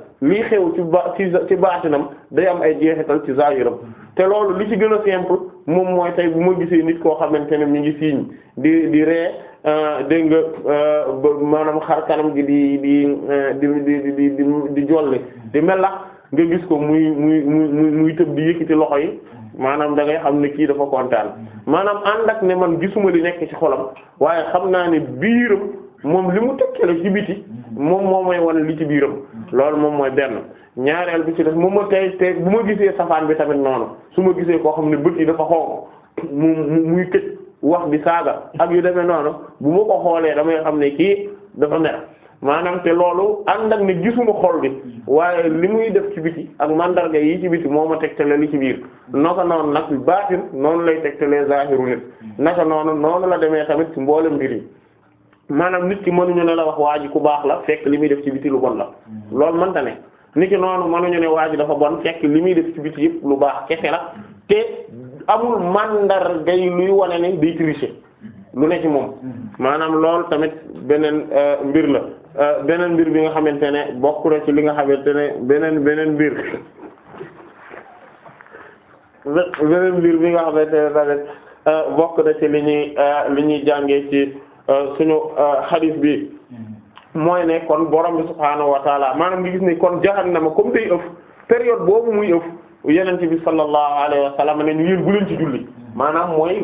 xew ci ba ci ci baatinam day am ay jeexital ci zahiram te loolu li ci gën a simple moom mooy tey bu ma gisee nit koo xamante ne mi ngi siiñ di di ree Euh, dégg nga euh, maanaam xar kanam gi di di euh, di di di di di jolli di melax nga gis ko muy muy muy muy tëb di yëkkati loxo yi maanaam da ngay xam ne kii dafa kontaan maanaam ànd ak ne man gisuma li nekk ci xolam waaye xam naa ne biiram moom li mu tëkkale ci biti moom moo may wane li ci biiram loolu moom mooy benn ñaareel bi ci def moom ma tey tey bu ma gisee safaan bi tamit noonu su ma gisee koo xam ne bët yi dafa xonq mu muy këj wax bi saaga ak yu demee noonu bu ma ko xoolee damay xam ne kii dafa mer maanaam te loolu ànd ak ne gisuma xool bi waaye li muy def ci biti ak mandarga yi ci biti moom ma tegtale li ci biir naka noonu nag baatin noonu lay tegtalee zahiru nit naka noonu noonu la demee tamit ci mboolem mbir yi maanaam nit ki mënuñu ne la wax waa ku baax la li muy def ci biti lu bon la loolu mënta ne nit ki noonu mënuñu ne waa ji dafa bon fekk li muy def ci biti yëpp lu baax kese la te amul màndargay luy wane ne day tricher lu ne ci moom maanaam lool tamit beneen euh, mbir la euh, beneen mbir bi nga xamante ne bokk ci li nga xamante ne beneen beneen mbir beneen mbir bi nga xamante ne tamit euh, bokk na ci li ñuy li ñuy jàngee ci suñu hadith bi mooy ne kon borom bi subhaanahu wa taala maanaam ngi gis ne kon jahannama comme day ëf période boobu muy ëf yenent bi sallallahu alayhi wa sallam ne ñu yéen bu leen ci julli maanaam mooy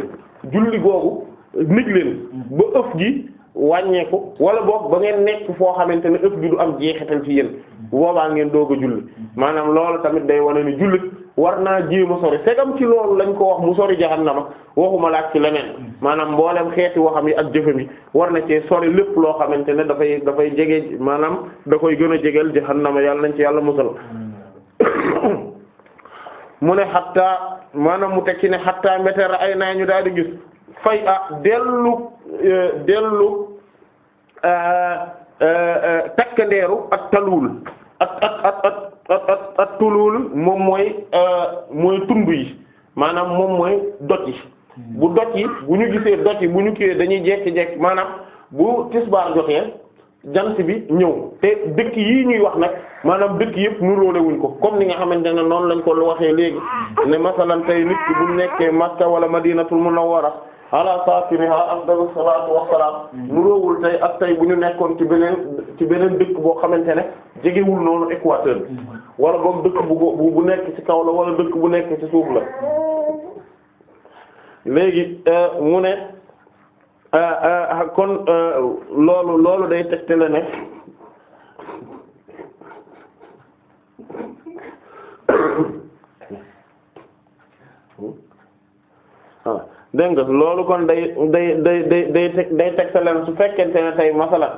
julli googu nij leen ba ëf gi wàññeeku wala boog ba ngeen nekk foo xamante ne ëf gi du am jeexital ci yéen boobaa ngeen doog a julli maanaam loolu tamit day wane ni jullit war naa jéem a sori segam ci loolu lañ ko wax mu sori jahannama waxuma laaj ci leneen maanaam mbooleem xeeti waxam yi ak jëfam yi war na cee sori lépp loo xamante ne dafay dafay jege maanaam da koy gën a jegeel jahannama yàlla nañ ci yàlla musal mu ne xatta maanaam mu tekki ne xatta mbete ay naa ñu daal di gis fay a dellu e, dellu e, e, takkandeeru ak taluul ak ak moom mooy mooy tund yi maanaam moom mooy dot hmm. bu dot yi bu ñu gisee dot yi bu ñu kiiwee dañuy jekki-jekki maanaam bu tisbaar joxee jant bi ñëw te dëkk yi ñuy wax nag maanaam dëkk yëpp nuróole wuñ ko comme ni nga xamante ne noonu lañ ko waxee léegi ne masalan tey nit ki bu nekkee Makka wala Madinatul Munawwara ala saakiniha afdalu salaatu wassalaam nuróowul tey ak tey bu ñu nekkoon ci beneen ci beneen dëkk boo xamante ne jegewul noonu équateur bi wala boog dëkk bu bu nekk ci kaw la walla dëkk bu nekk ci suuf la léegi euh, mu ne. Euh, euh, kon euh, loolu loolu day tegtale ne waaw ah, dégg nga loolu kon day day day day day day tegtale ne su fekkente ne tey masala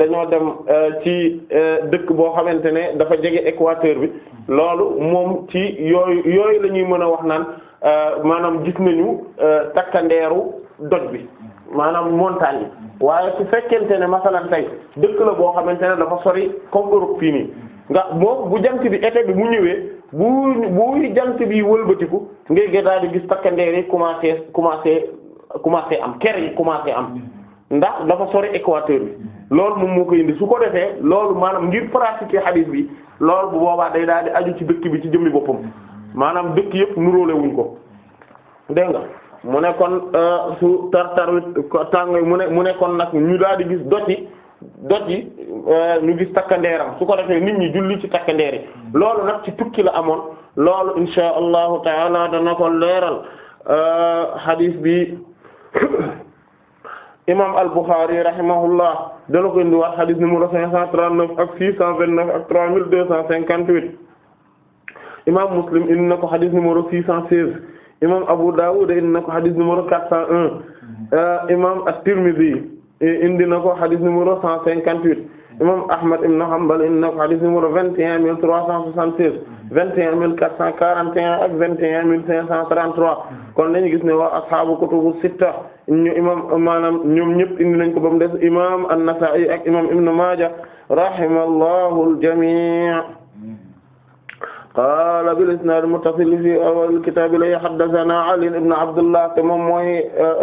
dañoo dem ci dëkk boo xamante ne dafa jege équateur bi loolu moom ci yooyu yooyu lañuy mën a wax naan maanaam gis nañu takkandeeru doj bi maanaam montagne yi waaye su fekkente ne masalan tey dëkk la boo xamante ne dafa sori comme Europe fii nii bu jant bi été bi mu ñëwee bu bu jant bi wëlbatiku ngay daal di gis takkandeer yi commencé commencé commencé am ker yi commencé am ndax dafa sori équateur bi loolu moom moo koy indi su ko defee loolu maanaam ngir pratiquer hadith bi loolu bu boobaa day daal di aju ci dëkk bi ci jëmmi boppam maanaam dëkk yëpp nuróole wuñ ko dégg nga mu ne kon euh, su tar tar tàngoy mu ne mu ne kon nag ñu daal di gis doj yi doj yi euh, ñu gis takkandeeram su ko defee nit ñi julli ci takkandeer yi loolu nag ci tukki la amoon loolu insha allahu taala dana ko leeral euh, hadith bi imam al-Bukhari rahimahullah dana ko indiwaat hadith numéro 539 ak 629 ak 3258 imam Muslim indi na ko hadith numéro 616 imam Abu Dawud indi na ko xadis numéro 401 euh, imam at-Tirmidhi indi na ko xadis numéro 158 imam Ahmad ibn Hanbal indi na ko xadis numéro 21376 21441 ak 21533 kon dañu gis ne waa ashabu kutubu sitta ñu imam maanaam ñoom ñëpp indi nañ ko ba mu des imam an-Nasa'i ak imam Ibn Maaja rahimallahu al-jami' qaala bil isnaad muttasil fi awwal kitaab li haddathanaa Ali ibn Abdullah te moom mooy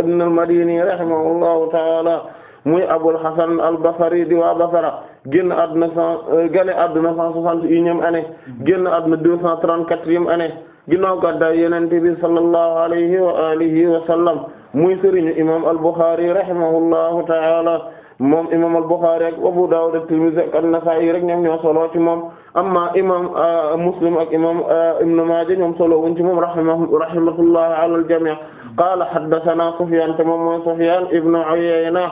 ibn al-Madini rahimahullahu ta'ala muy Abul Hasan al-Basri di waa Basra génn àdduna cent gane àdduna cent soixante et unième année génn àdduna deux cent trente-quatrième année ginnaaw gàddaay Yonent bi sallallahu alayhi wa alihi wa sallam muy sëriñu imaam al-Bukhari rahimahullahu ta'ala moom imam al-Bukhari ak Abu Dawud at-Tirmidhi ak an-Nasa'i rek ñoom ñoo solo ci moom amma imam euh, Muslim ak imam euh, Ibn Maaja ñoom solo wuñ ci moom rahimahullah ala al-jami' qaala haddathana Sufyaan te moom mooy Sufyaan ibn Uyayna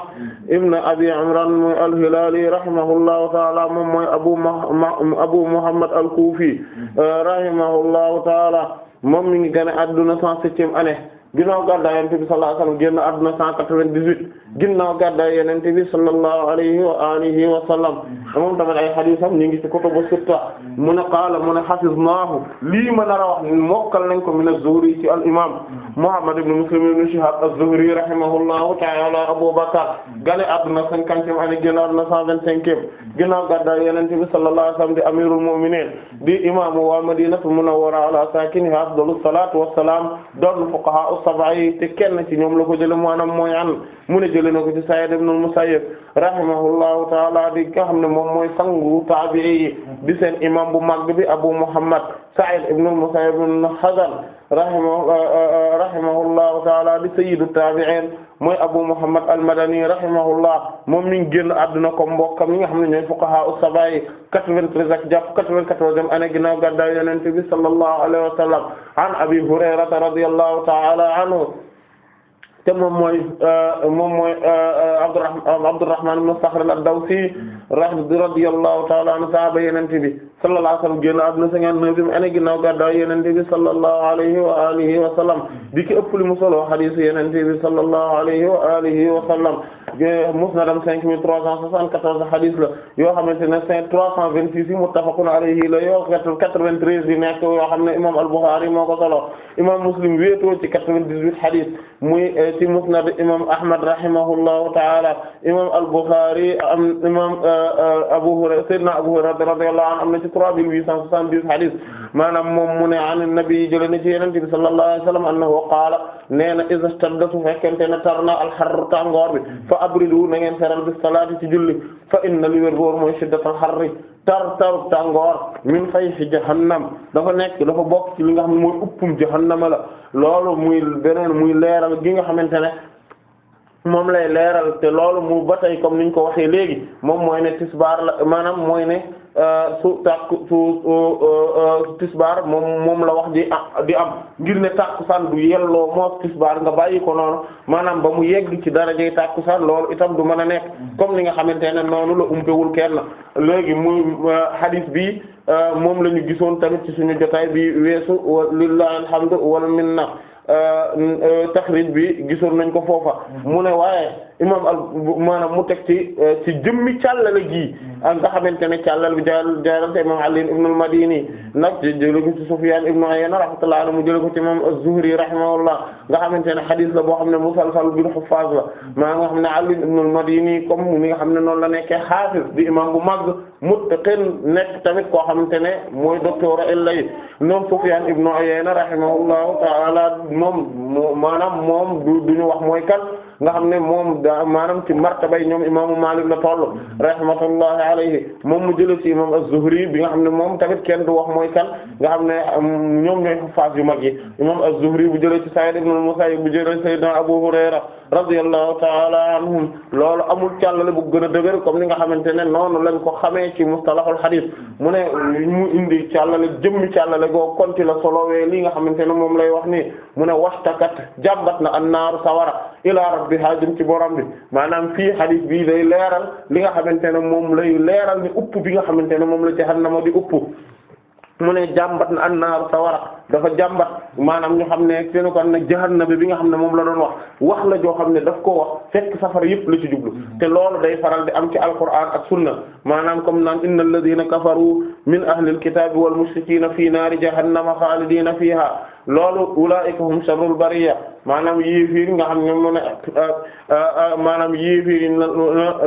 ibn Abi Imraan mooy al-Hilaali rahimahullahu ta'ala moom mooy abu abu Muhammad al-Kuufi euh, rahimahullahu ta'ala moom mi ngi gën a adduna 107e année ginnaaw gàddaay yonent bi sallallahu alayhi wasallam génn àdduna 198 ginnaaw gàddaay yonent bi sallallahu alayhi wa alihi wa sallam moom tamit ay hadiisam ñu ngi ci kutubu sitta mu ne qaala mu lii ma nar a wax mokkal nañ ko min az-Zuhri ci al imam Muhammad ibn Muslim ibn Shihab az-Zuhri rahimahullahu ta'ala Abu Bakr gane àdduna 50e année génn àdduna 125 bi sallallahu alayhi wasallam di amirul di imaamu waa Madinatul Munawwara ala saakinihaa afdalus salaatu wassalaam doon fuqahaa as-sab'i te kenn ci ñoom la ko jëlee maanaam mooy an mu ne jëlee ko ci Sa'id ibn al-Musayyib rahimahullahu ta'ala di nga xam ne moom mooy sangu taabi'i yi di seen imam bu mag bi Abu Muhammad Sa'id ibn al-Musayyib ibn Hazn rahimahu rahimahullahu ta'ala di sayyidu mooy Abu Muhammad al-Madani rahimahullah moom mi ngi génn àdduna ko mbokkam ñi nga xam ne ñooy fuqaha as-sab'a yi 93 ak jàpp 94e année ginnaaw gàddaay Yonent bi sallallahu alayhi wa sallam an Abi Hurayrata radiyallahu ta'ala anhu te moom mooy euh, moom mooy euh, Abdurrahman euh, Abdurrahman ibn Sakhr al-Dawsi radiyallahu ta'ala anhu sahaba Yonent bi sallallahu alayhi wa sallam génn àdduna cinquante-neuvième année ginnaaw gàddaay Yonent bi sallallahu alayhi wa alihi wa sallam di ki ëpp lu mu solo hadiis Yonent bi sallallahu alayhi wa alihi wa sallam musnadam cinq mille trois cent soixante-quatorze hadiis la yoo xamante ne cinq trois cent vingt-six yi muttafaqun alayhi la yoo quatre-vingt-treize yi nekk yoo xam ne imam Al-Bukhârî moo ko solo imam Muslim wéetoo ci quatre-vingt-dix-huit hadiis muy eh, ci musnad imam ahmad rahimahullahu taala imam al-Bukhari am imam eh, eh, Abu Hurayra sayyidina Abu Hurayra radiyallahu anhu am na ci 3870 hadis maanaam moom mu ne an nabi jële na ci yenente bi sallallahu alayhi wasallam annahu qaala nee na iza stadda su fekkente ne tar na alxarru tàngoor bi fa abridu na ngeen seral bi salaati ci julli fa inna li wér boor mooy shiddatal xarri tar taru tàngoor min fayhi jahannam dafa nekk dafa bokk ci li nga xam ne mooy uppum jahannama la loolu muy beneen muy leeral gi nga xamante ne moom lay leeral te loolu mu ba tey comme niñ ko waxee léegi moom mooy ne tisbaar la maanaam mooy ne Euh, su tàkku su euh, euh, tisbaar moom moom la wax di ah, di am ngir ne tàkkusaan du yelloo moo tisbaar nga bàyyi ko noonu maanaam ba mu yegg ci dara darajey tàkkusaan lool itam du mën a nekk comme ni nga xamante ne noonu la umpewul kenn léegi muy hadith bi moom la ñu gisoon tamit ci suñu jotaay bi weesu wa lillahi alhamdu wal minna taxrij bi gisoon nañ ko foofa mm-hmm. mu ne waaye imam al maanaam mu teg ci eh, ci jëmmi càllala gi mm. ak nga xamante ne càllal bi jaar jaarante imam Ali ibn al-Madini mm. nag jële ko ci Sufyan ibn Uyayna rahmatullah alah mu jële ko ci imam az-Zuhri rahimahullah nga xamante ne hadith la boo xam ne musalsal bil huffaz la mm. maa nga xam ne Ali ibn al-Madini comme mi nga xam ne noonu la nekkee hafiz di imam bu mag muttaqin nekk tamit koo xamante ne mooy docteur illay noom Sufyan ibn Uyayna rahimahullahu ta'ala moom maanaam moom du duñu wax mooy kan nga xam ne moom da maanaam ci martabay ñoom imaamu Maalik la toll rahmatullahi alayhi moom mu jëlee ci imaam az-Zuhri bi nga xam ne moom tamit kenn du wax mooy kan nga xam ne ñoom ñooy faas yu mag yi imaam az-Zuhri bu jëlee ci Sa'iid ibn al-Musayyib bu jëlee Sayyidina Abu Hurayra radiyallahu ta'ala anhum loolu amul càllale bu gën a dëgër comme ni nga xamante ne noonu lañ ko xamee ci mustalahul hadith mu ne mu indi càllale jëmmi càllale goo konti la solowee li nga xamante ne moom lay wax nii mu ne waxtakat jàmbat na annaaru sawara ilaa rabbiha jëm ci borom bi maanaam fii hadith bii day leeral li nga xamante ne moom lay leeral ni upp bi nga xamante ne moom la jahannama di upp mu ne jàmbat na annaaru sawara dafa jàmbat maanaam ñu xam ne seenu kon nag jahannam bi nga xam ne moom la doon wax wax la joo xam ne daf koo wax fekk safara yëpp lu ci jublu te loolu day faral di am ci alquran ak sunna maanaam comme naan innal ladina kafaru min ahlil kitabi wal mushrikiina fii naari jahannama xaalidiina fiiha loolu ulaa'ika hum sharrul bariyya maanaam yéefiir nga xam ne mu ne maanaam yéefiir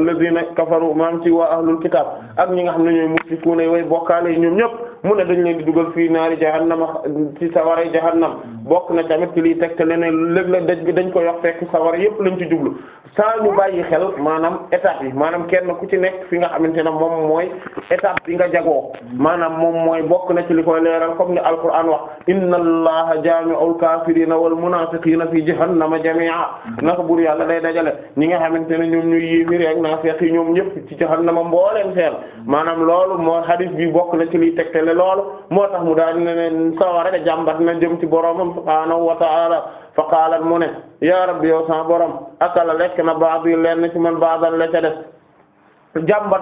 ladina kafaru maanaam ci waa ahlul kitab ak ñi nga xam ne ñooy mushrikuuna way bokkaale ñoom ñëpp mu ne dañ leen di dugal fii naari jahannama ci sawaray jahannam bokk na tamit ci lii tegte leneen léeg-léeg daj bi dañ ko yox fekk sawar yëpp lañ ci jublu saa ñu bàyyi xel maanaam étape yi maanaam kenn ku ci nekk fi nga xamante ne moom mooy étape bi nga jagoo maanaam moom mooy bokk na ci li koy leeral comme ni alquran wax inna allaha jaami'ul kaafiriina wal munaafiqiina fi jahannama jamii'a naka bur yàlla day dajale ñi nga xamante ne ñoom ñuy yéefiri ak naafiq yi ñoom ñëpp ci jahannama mbooleen seen maanaam loolu moo hadith bi bokk na ci liy tegtale loolu moo tax mu daal ne ne sawara na jëm ci boroomam subhaanahu wa ta'ala fa qaalat mu ne yaa rabbi yow sama borom akala lekk na baadu leen leen ci man baadal la ca def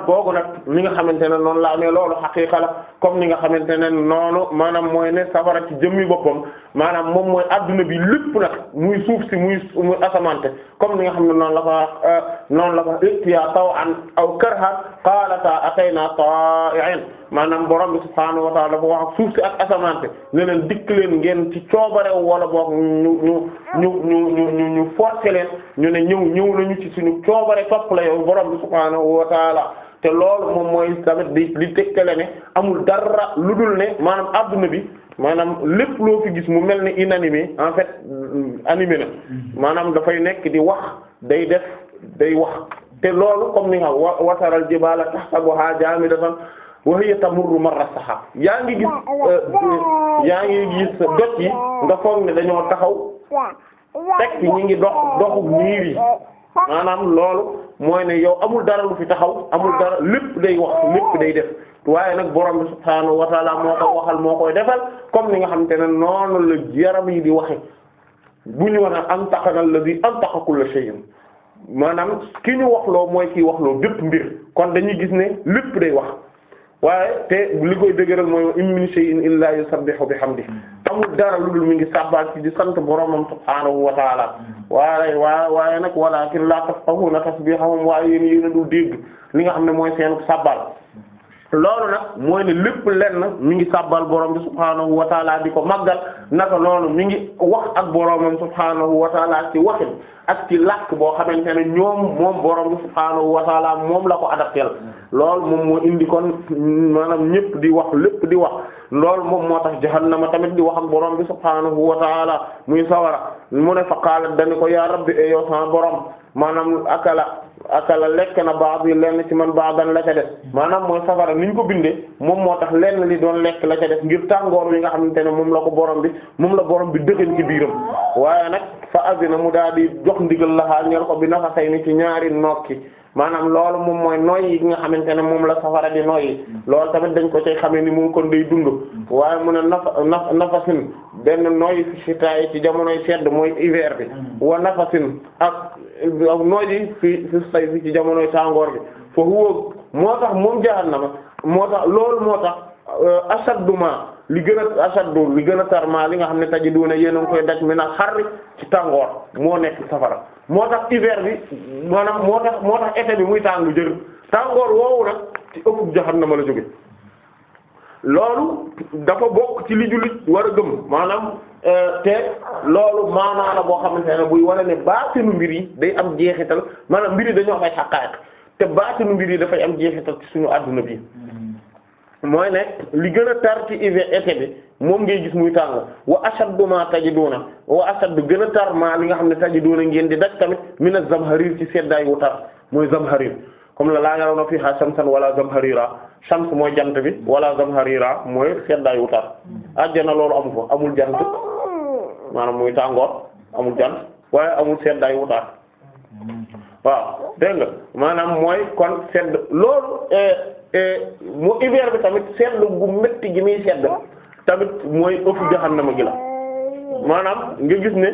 googu nag ni nga xamante ne noonu laa amee loolu xaqiiqa la comme ni nga xamante ne noonu maanaam mooy ne safara ci jëmmi boppam maanaam moom mooy adduna bi lépp nag muy suuf si muy asamante comme ni nga xam ne noonu la fa euh, noonu la fa ittiya taw'an aw karhan qalata atayna ta'i'in maanaam borom bi subhaanahu wa ta'ala bu wax ak suuf si ak asamaan ngeen ci coobarew wala boog ñu ñu ñu ñu ñu ñu ñu forcé leen ñu ci te lool moom mooy tamit di di tekkale ne amul dara lu dul ne maanaam adduna bi maanaam lépp loo fi gis mu mel ni inanimé en fait euh, animé na mm-hmm. maanaam dafay nekk di wax day def day wax te loolu comme ni nga xam wa wataral jibaala tahsabuhaa jaamidatan wa hiya tamurru marra sahab yaa ngi gis euh, yaa ngi gis dot yi nga foog ne dañoo taxaw fekk ñi ngi dox doxu niir yi loolu mooy ne yow amul dara lu fi taxaw amul dara lépp day wax lépp day def waaye nag borom bi subhaanahu wa moo ko waxal moo koy defal comme ni nga xam te ne noonu la yaram yi di waxe bu ñu wax am taxanal la di am taxa kulla shay'in maanaam ki ñu waxloo mooy kii waxloo bépp mbir kon dañuy gis ne lépp day wax waaye te li koy dëgëral mooy in min shay'in illaa yusabbihu bihamdihi amul dara lu dul mi ngi sabbal ci di sant boromam subhaanahu wa taala waaye waa waaye nag walakin laa tafqahuuna waaye yéen li nga xam ne mooy seen sabbal loolu nag mooy ne lépp lenn mi ngi sabbal boroom bi subhaanahu wa taala di ko màggal naka loolu mi ngi wax ak boromam subhaanahu wa taala ci waxin ak ci lakk boo xamante ne ñoom moom borom bi subhaanahu wa taala moom la ko adapté loolu moom moo indi kon maanaam ñëpp di wax di wax loolu moom moo tax jahannama tamit di wax ak borom bi subhaanahu wa taala muy sawara mu ne fa qaalat dañu ko yaa rabbi e yow sama borom maanaam akala a lekk na baax yi lenn ci man baax la ca def maanaam mooy safara ni ñu ko bindee moom moo tax lenn li doon lekk la ca def ngir tàngoor wi nga xamante ne moom la ko borom bi moom la borom bi dëxëñ ci biiram waaye nag fa azina mu daal di jox ndigal la xaal ko bi nafa say ni ci ñaari nokki maanaam loolu moom mooy noyyi yi nga xamante ne moom la safara di noyyi loolu tamit dañ ko cay xamee ni moom kon day dund waaye mu ne nafa nafa nafasin benn noyyi si taay ci yi sedd mooy hiver bi wa nafasin ak. nooji fi fi say fi ci jamonoy tàngoor bi fa huwa moo tax moom ma moo tax loolu moo tax euh, achadduma li gën a achaddu li gën a tarma li nga xam ne taji duuna yéen a ngi koy daj mi na xarri ci tàngoor moo nekk safara moo tax hiver bi maanaam moo tax moo bi muy tàng jër tàngoor woowu nag ci ëppub jahannama la jóge loolu dafa bokk ci li jullit war a gëm maanaam te loolu maanaa la boo xamante ne buy wane ne baatinu mbir yi day am jeexital maanaam mbir yi dañoo am ay xaqaayiq te baatinu mbir yi dafay am jeexital ci suñu adduna bi mooy ne li gën a tar ci hiver été bi moom ngay gis muy tàng wa ashaddu ma tajiduna wa ashaddu gën a tar li nga xam ne tajiduna ngeen di daj tamit min az-zamharir ci seddaay wu tar mooy zamharir comme la laa yarawna fiha shamsan wala zamharira shams mooy jant bi wala zamharira mooy seddaay wu tar àjjana loolu amu fa amul jant maanaam muy tàngoor amul jant waaye amul seddaay wutaat waaw dégg nga maanaam mooy kon sedd loolu eh, eh, mu hiver bi tamit sedd gu métti gi muy sedd tamit mooy ëpp jahannama gi la maanaam nga gis ne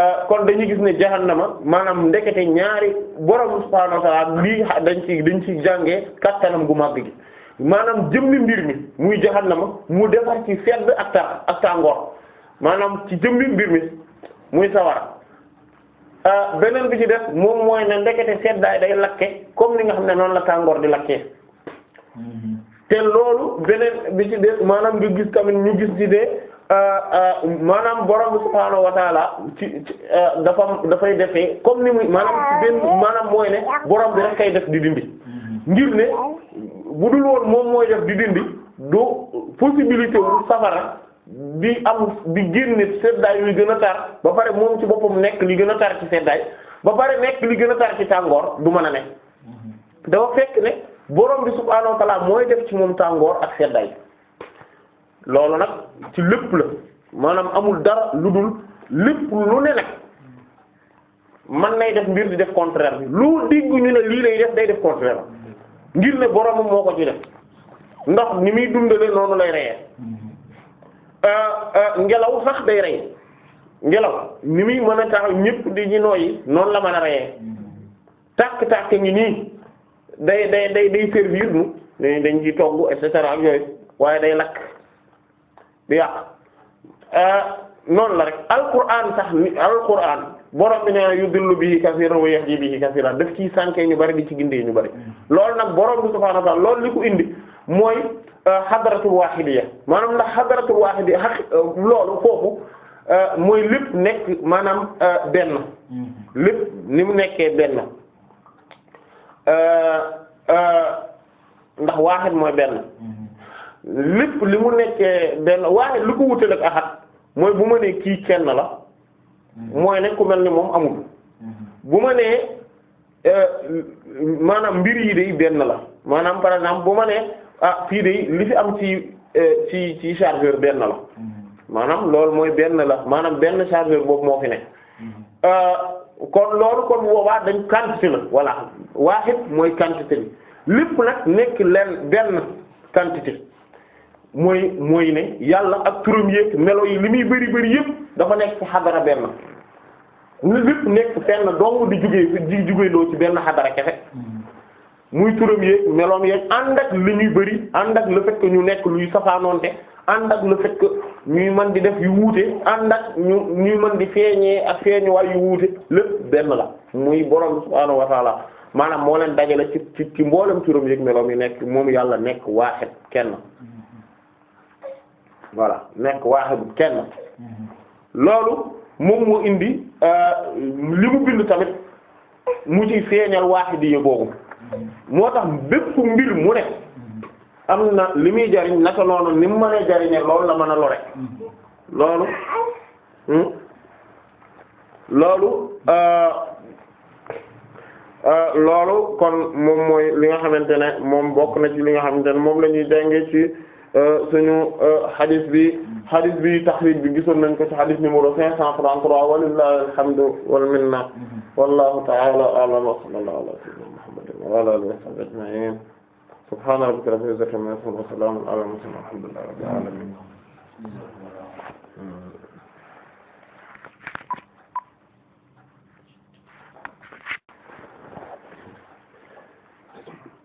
eh, kon dañuy gis ne jahannama maanaam ndekete ñaari borom subhaanahu wa ta'aala lii dañ ci dañ ci jàngee kattanam gu màgg gi maanaam jëmmi mbir mi muy jahannama mu defar ci sedd ak ta ak tàngoor maanaam ci jëmmi mbir mi muy sawara ah, beneen bi ci def moom mooy ne ndekete seddaay day lakke comme ni nga xam ne noonu la tàngoor di lakkee mm-hmm. te loolu beneen bi ci def maanaam nga gis tamit ñu gis ci dee ah, ah, maanaam borom subhaanahu wa ci dafa dafay defee comme ni muy maanaam benn mooy ne borom bi rek kay def di dindi mm-hmm. ngir ne bu dul woon moom mooy def di dindi du possibilité wu di am bi génne seddaay yu gën a tar ba pare moom ci boppam nekk li gën a tar ci seddaay ba pare nekk li gën a tar ci tàngoor du mën a ne mhm. dafa fekk ne boroom bi subhaanahu mooy def ci moom tàngoor ak seddaay loolu nag ci lépp la maanaam amul dara lu dul lépp lu ne nag man nay def mbir di def contraire bi lu diggu ñu ne lii lay def day def contraire ngir ne boromam moo ko ci def ndax ni muy dundale noonu lay reyee mhm. Euh, euh, ngelaw sax day rey ngelaw ni muy mën a tax ñëpp di ñu nooyi noonu la man a reyee tàkk-tàkk ngi nii day day day day servir nu dañ dañ ci togg et cetera ak yooyu waaye day lakk di yàq euh, noonu la rek alquran sax ni alquran borom bi nee yudillu bihi kaseeran wa yahdi bihi kaseeran daf ciy sànkee ñu bari di ci gindee ñu bari mm. loolu nag borom bi subhaanahu wa lool loolu li ko indi mooy Euh, xadaratul waaxidiya maanaam ndax xadaratul waaxidiya euh, loolu foofu euh, mooy lépp nekk maanaam benn mm-hmm. lépp ni mu nekkee benn ndax waaxid mooy benn mm-hmm. lépp li mu nekkee benn waaxid li ko wutale ak mooy bu ma nee kii kenn la mm-hmm. mooy ne mel ni moom amul bu ma nee maanaam mbir yi day benn la maanaam par exemple bu ma ah fii de li fi am ci eh, ci ci chargeur benn la mm-hmm. maanaam loolu mooy benn la maanaam benn chargeur boobu moo fi ne mm-hmm. euh, kon loolu kon boobaa dañ quantité la voilà waaxit mooy quantité bi lépp nag nekk leen benn quantité mooy mooy ne yàlla ak turam yéeg melo yi li muy bëri bëri yëpp dafa nekk ci xadara benn lépp nekk fenn dong di jugee di jugee loo ci benn xadara kefe mm-hmm. muy turam yeeg meloom yeeg ànd ak ñuy bëri ànd ak le fait ñu nekk luy safaanoonte ànd ak le fait que ñuy mën di def yu wuute ànd ak ñu ñuy mën di feeñee ak feeñu waay yu wuute lépp benn la muy borom subhaanahu wa taala maanaam moo leen dajale ci ci ci mboolem turam yeeg meloom yi nekk moom yàlla nekk waaxet kenn voilà nekk waaxet kenn loolu moom moo indi euh, li mu bind tamit mu ci feeñal waaxidiyya boobu moo tax bépp mbir mu ne am na li muy jariñ naka noonu ni mu mënee jariñe loolu la mën a lore loolu hmm? loolu euh, euh, loolu kon moom mooy li nga xamante ne moom bokk na ci li nga xamante ne moom la ñuy déngee ci euh, suñu xadis bi xadis bi taxrij bi gisoon nañ ko ci xadis numéro cinq cent trente-trois walillahi alhamdu wal minna mm-hmm. wallahu ta'ala a'lam wa sallallahu alayhi wa ala alihi wa sahbihi ajma'in subhana rabbika rabbil izzati amma yasifun wa salamun ala al-mursalin walhamdulillahi rabbil alamin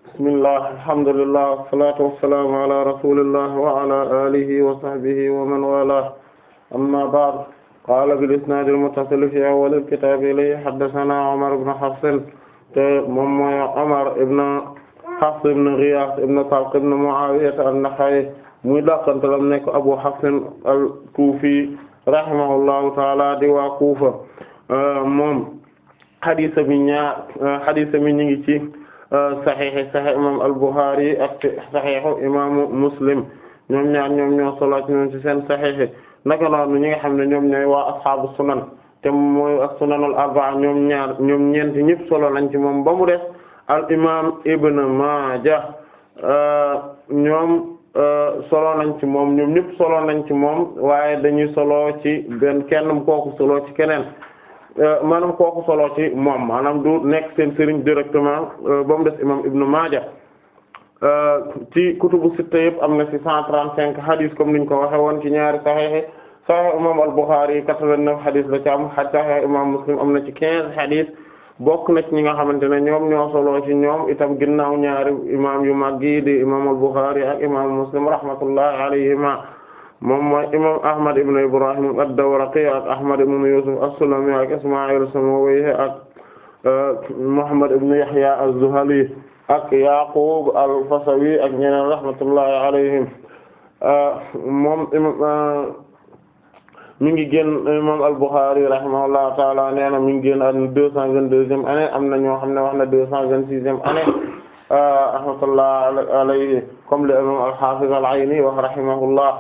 bismillah alhamdulillah wasalatu wassalamu ala rasulillah wa ala alihi wa sahbihi wa man walah amma ba'd qala bil isnad al muttasil fi awwal al kitab ilayhi haddathana Umar ibn Hafs te moom mooy Omar ibn Hafs ibn Ghiyath ibn Talq ibn Mu'awiya an-Nakha'i muy dàqantalam nekk Abu Hafs al-Kufi rahimahullahu ta'ala di waa Kufa moom hadith bi ñaar hadith bi ñu ngi ci sahih sahih imam al-Bukhari ak sahih imam Muslim ñoom ñaar ñoom ñoo solo ci ñoom seen sahih naka noonu ñi nga xam ne ñoom ñooy waa ashaabu sunan te mooy as-sunanul arba'a ñoom ñaar ñoom ñeent ñëpp solo nañ ci moom ba mu def al imaam Ibn Maaja euh, ñoom euh, solo nañ ci moom ñoom ñëpp solo nañ ci moom waaye dañuy solo ci benn kenn kooku solo ci keneen euh, maanaam kooku solo ci moom maanaam du nekk seen sëriñ directement ba mu des imaam Ibn Maaja ci kutubu sitta yëpp am na ci 135 hadith comme niñ ko waxe woon ci ñaari saxiix sahih imam al-Bukhari quatre-vingt-neuf xadis la ci am am na ci quinze xadis bokk na ci ñi nga xamante ne ñoom ñoo solo ñoom itam ginnaaw ñaari imam yu mag yi di imam al-Bukhari ak imam Muslim rahmatullahi alayhima moom mooy imam Ahmad ibn Ibrahim ad-Dawraqi ak Ahmad ibn Yusuf as-Sulami ak Isma'il as-Samawayhi ak euh, Muhammad ibn Yahya az-Zuhali ak Yaqub al-Fasawi ak ñeneen rahmatullahi alayhim euh, mi ngi génn imam al-Bukhari rahimahullahu taala nee na mi ngi génn àdduna deux cent vingt-deuxième année am na ñoo xam ne wax na deux cent vingt-sixième année euh, rahmatullah alayhi comme le imam al-Hafiz al-Ayni wax rahimahullah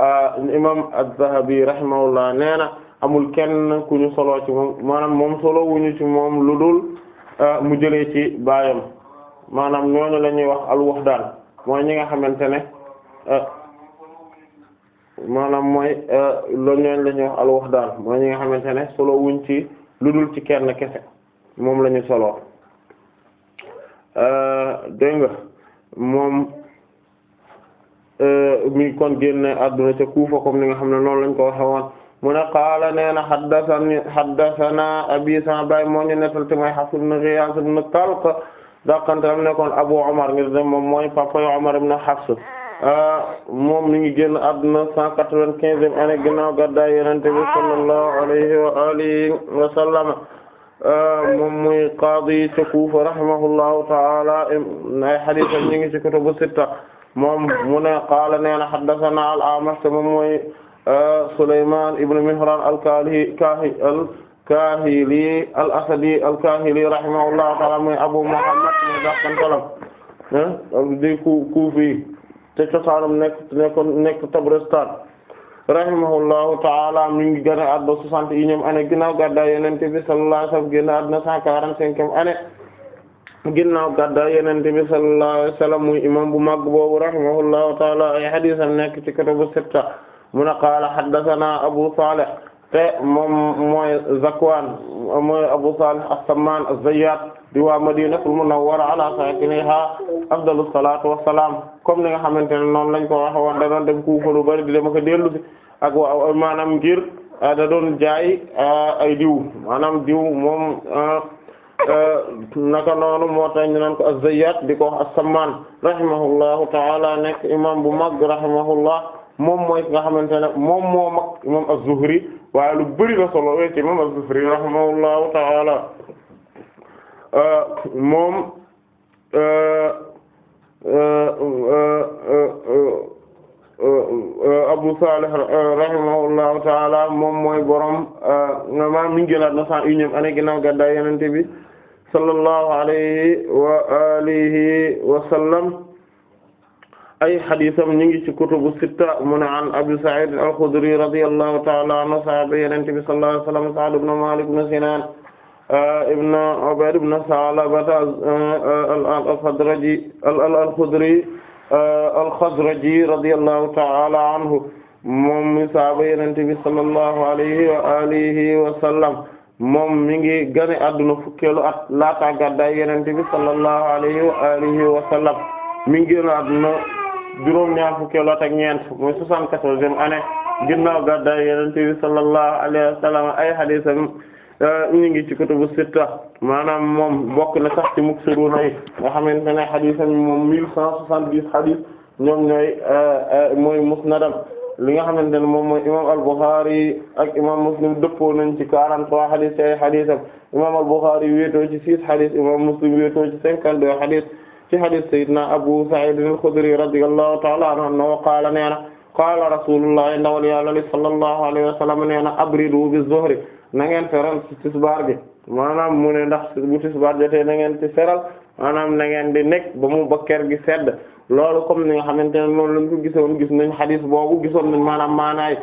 euh, imam az-Zahabi rahimahullah nee na amul kenn ku ñu soloo ci moom maanaam moom solo wuñu ci moom lu dul euh, mu jëlee ci baayam maanaam ñooñu la ñuy wax al-wuhdaan mooy ñi nga xamante ne maanaam mooy euh, loolu ñooñu la ñuy wax daal moo mooy ñi nga xamante ne solo wuñ ci lu dul ci kenn kese moom la solo euh, dégg nga moom euh, mi kon génne adduna ca Kufa comme ni nga xam ne noonu lañ ko waxee woon mu ne qaala nee na haddathani haddathana abi sama baay moo ñu nettal te mooy Hafs ibn Ghiyath ibn am daqantalam nekkoon Abu Umar ngir dem moom mooy papa Umar ibn Hafs Ah, moom mi ngi génn àdduna 195e année ginnaaw gàddaay Yonent bi sallallahu alayhi wa alihi wa sallam ah, moom muy qaadi ca Kuufa rahimahullahu ta'ala ay hadiis ñi ngi ci kutubu sitta moom mu ne qaala nee na haddasanaa al-A'mash moom mooy ah, Sulaymaan ibn Mihraan al-Kaahili al-Asadi al-Kaahili rahimahullahu ta'ala muy Abu Muhammad muy dàqan talam di Kuufi te cosaanam nekk nekkoon nekk rahimahullahu ta'ala mi ngi gën a àdduna 61eem année ginnaaw gàddaay Yonent bi sallallahu alayhi ginnaaw gàddaay Yonent bi sallallahu alayhi wa sallam muy imam bu mag boobu rahimahullahu ta'ala ay hadiisam nekk ci kutubu sitta mun a qaala haddathana Abu Salih te moom mooy Zakwan Abu Salih as-Samman az-Zayyat di waa madinatul munawwara ala saakiniha afdalu salaatu wa salaam comme ni nga xamante ne noonu lañ ko waxe woon da doon dem Kuufa lu bari di dem ko dellu si ak wa maanaam ngir ah, da doon jaay ah, ay diw maanaam diw moom ah, naka noonu moo tax ñu naan ko di ko a as-Samman rahimahullahu ta'ala nekk imam bu mag rahimahullah moom mooy nga xamante ne moom moo mag imam az waaye lu bari la solo ci imam az rahimahullahu ta'ala moom Abu Salih rahimahullahu taala moom mooy borom ma mi ngi gënaat na cent unième année ginnaaw gàddaay Yonent bi sallallahu alayhi wa alihi wa sallam ay hadiisam ñu ngi ci kutubu sitta mu ne an Abi Sa'id al-Khudri radiyallahu taala anhu sahaaba Yonent bi sallallahu Malik ibn Sinan ibn Ubayd ibn Sa'laba al-Khadraji al-Khudri al ta'ala anhu moom mi saaba Yonent bi sallallahu wa alihi wa sallam moom mi ngi gane adduna fukkeelu at laata gàddaay Yonent bi sallallahu alayhi wa alihi wa sallam mi ngi ñeent mooy soixante-quatorzième année ginnaaw gàddaay Yonent bi sallallahu wa sallam ay hadiisam Euh, ñu ngi ci kutubu sitta maanaam moom bokk na sax ci muksiruna yi nga xamante ne xadisam moom mille cent soixante-dix xadis ñoom ñooy euh, euh, mooy musnadam li nga xamante ne moom mooy imam al-Bukhari ak imam Muslim dëppoo nañ ci quarante-trois xadis ci ay xadisam imam al-Bukhari wéetoo ci six xadis imam Muslim wéetoo ci cinquante-deux xadis ci xadis sayyidina Abu Sa'id al-Khudri radiyallahu ta'ala anhu yàlla li sallallahu na abridu bi zuhri nangeen ngeen feral ci tisbaar bi maanaam mu ne ndax bu tisbaar jotee na ngeen ci feral maanaam na ngeen di nekk ba mu bakkeer gi sedd loolu comme ni nga xamante ne loolu lañ ko gisoon gis nañ xadis boobu gisoon nañ maanaam maanaay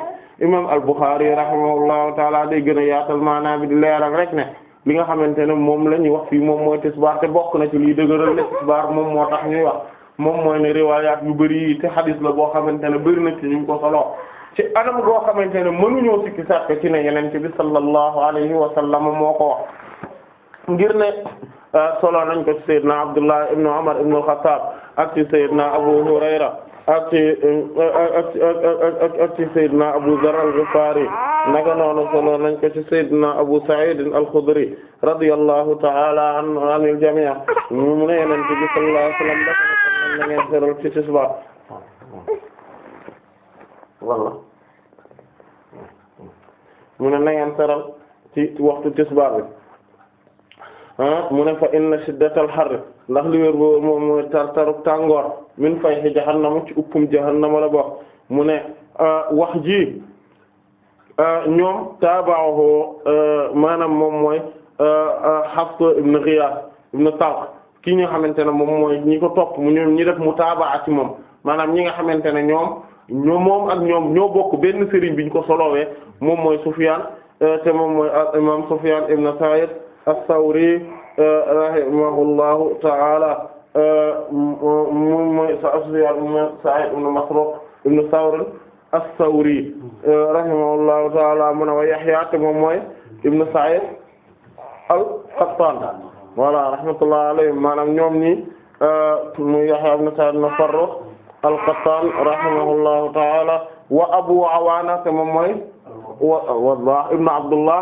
imam al-Bukhari rahimahullahu taala day gën a yaatal maanaam bi di leeral rek ne li nga xamante ne moom la ñuy wax fii moom mooy tisbaar te bokk na ci liy dëgëral ne tisbaar moom moo tax ñuy wax moom mooy ne riwaayaat yu bëri te xadis la boo xamante ne bëri na ci ñu ko soloo ci anam goo xamante ne mënuñoo sikki sàkk ci ne yeneen ci bi sallallahu alayhi wa sallam moo ko wax ngir ne ah, solo nañ ko ci sayyidna Abdullah ibn Umar ibn al-Khattab ak ci sayyidna Abu Hurayra ak ci ak ci sayyidna Abu Dharr al-Ghifari naka noonu solo nañ ko ci sayyidna Abu Sa'id al-Khudri radiyallahu ta'ala anhu anil jami' mu ne yeneen ci bi sallallahu alayhi wa sallam dafa na ngeen xeral ci tisba walla mu ne na ngeen saral ci waxtu tisbaar bi ah, mu ne fa inna shiddatal harr ndax li wér boobu moom mooy tar taruk tàngoor min fayhi jahannama ci uppum jahannama la bokk mu ne ah, wax ji ah, ñoom taabaaho maanaam moom mooy Hafs ibn Ghiyath ibn Talq kii nga xamante ne moom ñi ko topp mu ñoom ñi def mu taabaa ci moom maanaam ñi nga xamante ne ñoom ñoom moom ak ñoom ñoo bokk benn sëriñ biñ ko solowee moom mooy Sufyan euh, te moom mooy imam Sufyan ibn Sa'id as-Sawri euh, rahimahullahu ta'ala euh, moom mooy Sufyan ibn Sa'id ibn Masruq ibn Thawr as-Sawri rahimahullahu ta'ala mu ne wa Yahya te moom mooy ibn Sa'id al-Qattan voilà rahmatullahi alayhi maanaam ñoom ñi mu Yahya ibn Sa'id ibn Farrukh al-Qattan rahimahullahu ta'ala wa Abu Awana te moom mooy Waddah ibn Abdullah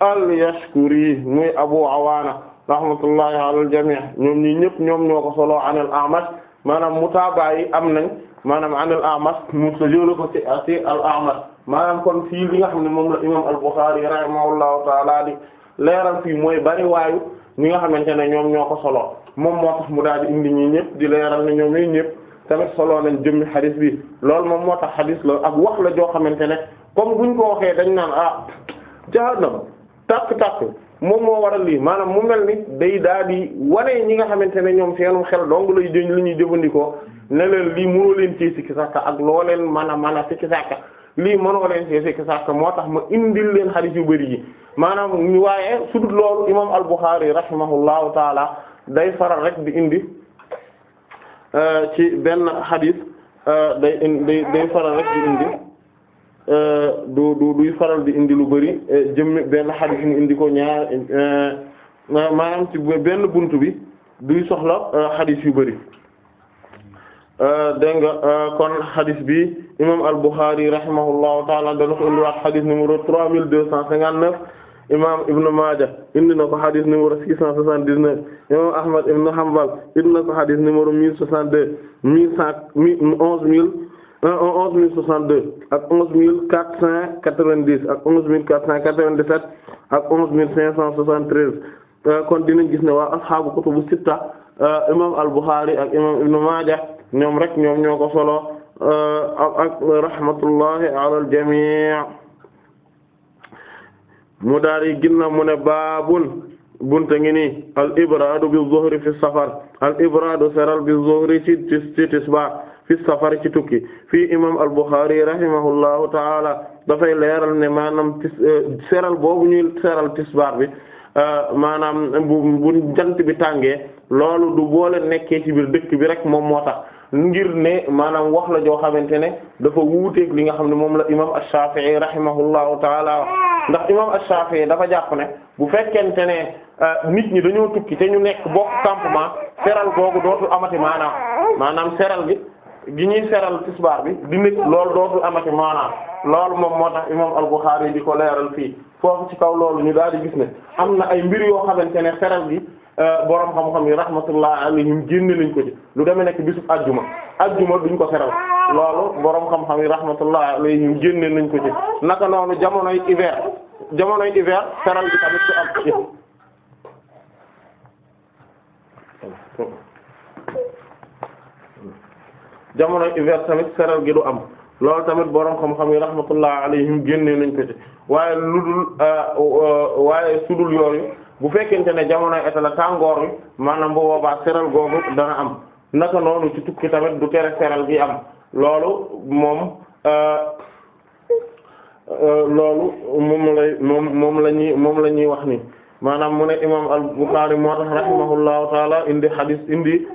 al-Yashkuri muy Abu Awaana rahmatullahi ala al-jamii' ñoom ñi ñëpp ñoom ñoo ko solo an al-A'mash maanaam mutaaba yi am nañ maanaam an al-A'mash mu jël ko ci ci al-A'mash maanaam kon fii li nga xam ne moom la imaam al-Bukhari rahimahullahu ta'ala di leeral fii mooy bari waayu ñi nga xamante ne ñoom ñoo ko solo moom moo tax mu daal indi ñi ñëpp di leeral ne ñoom ñooy ñëpp tamit solo nañ jëmmi xadis bi loolu moom moo tax xadis la ak wax la joo xamante ne. comme buñ ko waxee dañ naan ah jahannam tàkk-tàkk moom moo waral lii maanaam mu mel ni day daal di wane ñi nga xamante ne ñoom seenum xel dong lay jëñ li ñuy jëfandikoo ne leen lii mënoo leen ci sikki sàkka ak loo leen man a man sikki sàkka lii mënoo leen ci sikki sàkka moo tax ma indil leen xarit yu bëri yi maanaam ñu waaye su dul loolu imam al-Bukhari rahimahullahu taala day faral rek di indi euh, ci benn xadis euh, day day day faral rek di indi Euh, du du duy faral di indi lu bari euh, jëmmi benn xadis indi ko ñaar euh, maanaam ci benn bunt bi duy soxla xadis yu bari dégg kon xadis bi imam al-Bukhari rahimahullahu taala dana ko indiwaat xadis numéro 3259 imam Ibn Maaja indi na ko xadis numéro 679 imam Ahmad ibn Hanbal indi na ko xadis numéro 1062 11 onze mille soixante-deux ak onze mille quatre cent quatre-vingt-dix ak onze mille quatre cent quatre-vingt-dix-sept ak onze mille cinq cent soixante-treize euh, kon dinañ gis ne waa ashaabu kutubu sitta euh, imam al-Bukhari ak imam Ibn Maaja ñoom rek ñoom ñoo ko solo euh, ak rahmatullahi ala al-jamii mu ginna mu ne baabun bunta ngi nii al ibradu bi zuhri fi safar al ibradu seral bi zuhri ci ci fi safari ci tukki fii imam al-Bukhari rahimahullahu taala dafay leeral ne maanaam tis euh, seral boobu ñuy seral tisbaar bi euh, maanaam bu bu jant bi tàngee loolu du boole nekkee ci biir dëkk bi rek moom moo tax ngir ne maanaam wax la joo xamante ne dafa wuuteeg li nga xam ne moom la imam ash-Shafi'i rahimahullahu taala ndax imam ash-Shafi'i dafa jàpp ne bu fekkente ne euh, nit ñi dañoo tukki te ñu nekk bokk campement seral googu dootul amati maanaam maanaam seral gi gi ñuy feral tisbaar bi di nekk loolu dootul amati maanaam loolu moom moo tax imam al-Bukhari di ko leeral fii foofu ci kaw loolu ñu daal di gis ne am na ay mbir yoo xamante ne feral gi euh, boroom xam-xam yi rahmatullah alayhim génne nañ ko ci lu demee nekk bisub ajjuma ajjuma duñ ko seral loolu borom xam-xam yi rahmatullah alayhim génne nañ ko ci naka noonu jamonoy hiver jamonoy hiver seral gi tamit du am jamono hiver tamit seral gi du am loolu tamit borom xam-xam yi rahmatullah alayhim génnee nañ ko ci waaye ludul euh, waaye sudul yooyu bu fekkente ne jamono été la tàngoor wi maanaam bu boobaa seral googu dana am naka noonu ci tukki tamit du tere seral gi am loolu moom euh, euh, loolu moom lay moom moom la ñuy moom la ñuy wax ni maanaam mu ne imam al-Bukhari moo tax taala indi hadis indi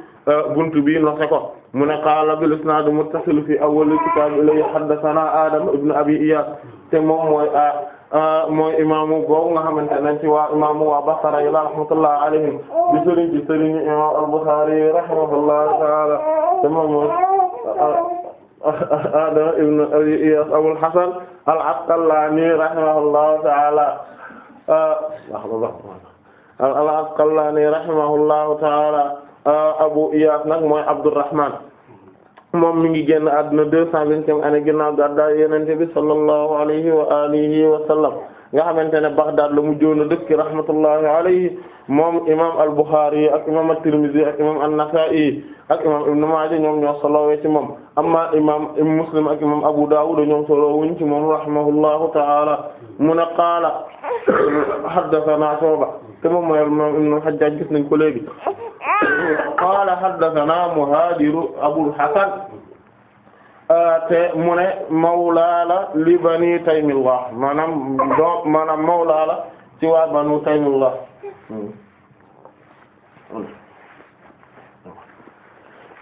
bunt bi noxe ko mu ne qaala bil isnaad muttasil fi awwal kitaab ilay haddasanaa Adam ibn Abi Iyaas te moom mooy ah, ah, mooy imaamu boobu nga xamante ne ci waa imaamu waa Basra yi rahmatullahi alayhim di sëriñ ci sëriñ imaam al-Bukhari rahimahullahu ta'ala te moom mooy ah, Adam ibn Abi Iyaas Abul Hasan al-Asqalaani rahimahullahu ta'ala al-Asqalaani rahimahullahu ta'ala Euh, Abu Iyas nag mooy Abdurrahman moom mi ngi génn àdduna deux cent vingtième année ginnaaw gàddaay Yonent bi sallallahu alayhi wa alihi wa sallam nga xamante ne Baghdad la mu joona dëkk rahmatullahi alayhi moom imam al-Bukhari ak imam at-Tirmidhi ak imam an-Nasa'i ak imam Ibn Maaja ñoom ñoo solowee ci moom amma imam Muslim ak imam Abu Dawud ñoom solowuñ ci moom rahimahullahu ta'ala mun qaala haddathana Shu'ba te moom mooy moom Ibn al gis nañ ko léegi qaala haddathanaa Muhaajir Abul Hasan te mu ne mawlaala li Bani Taymillah maanaam mawlaala ci waa Banu Taymillah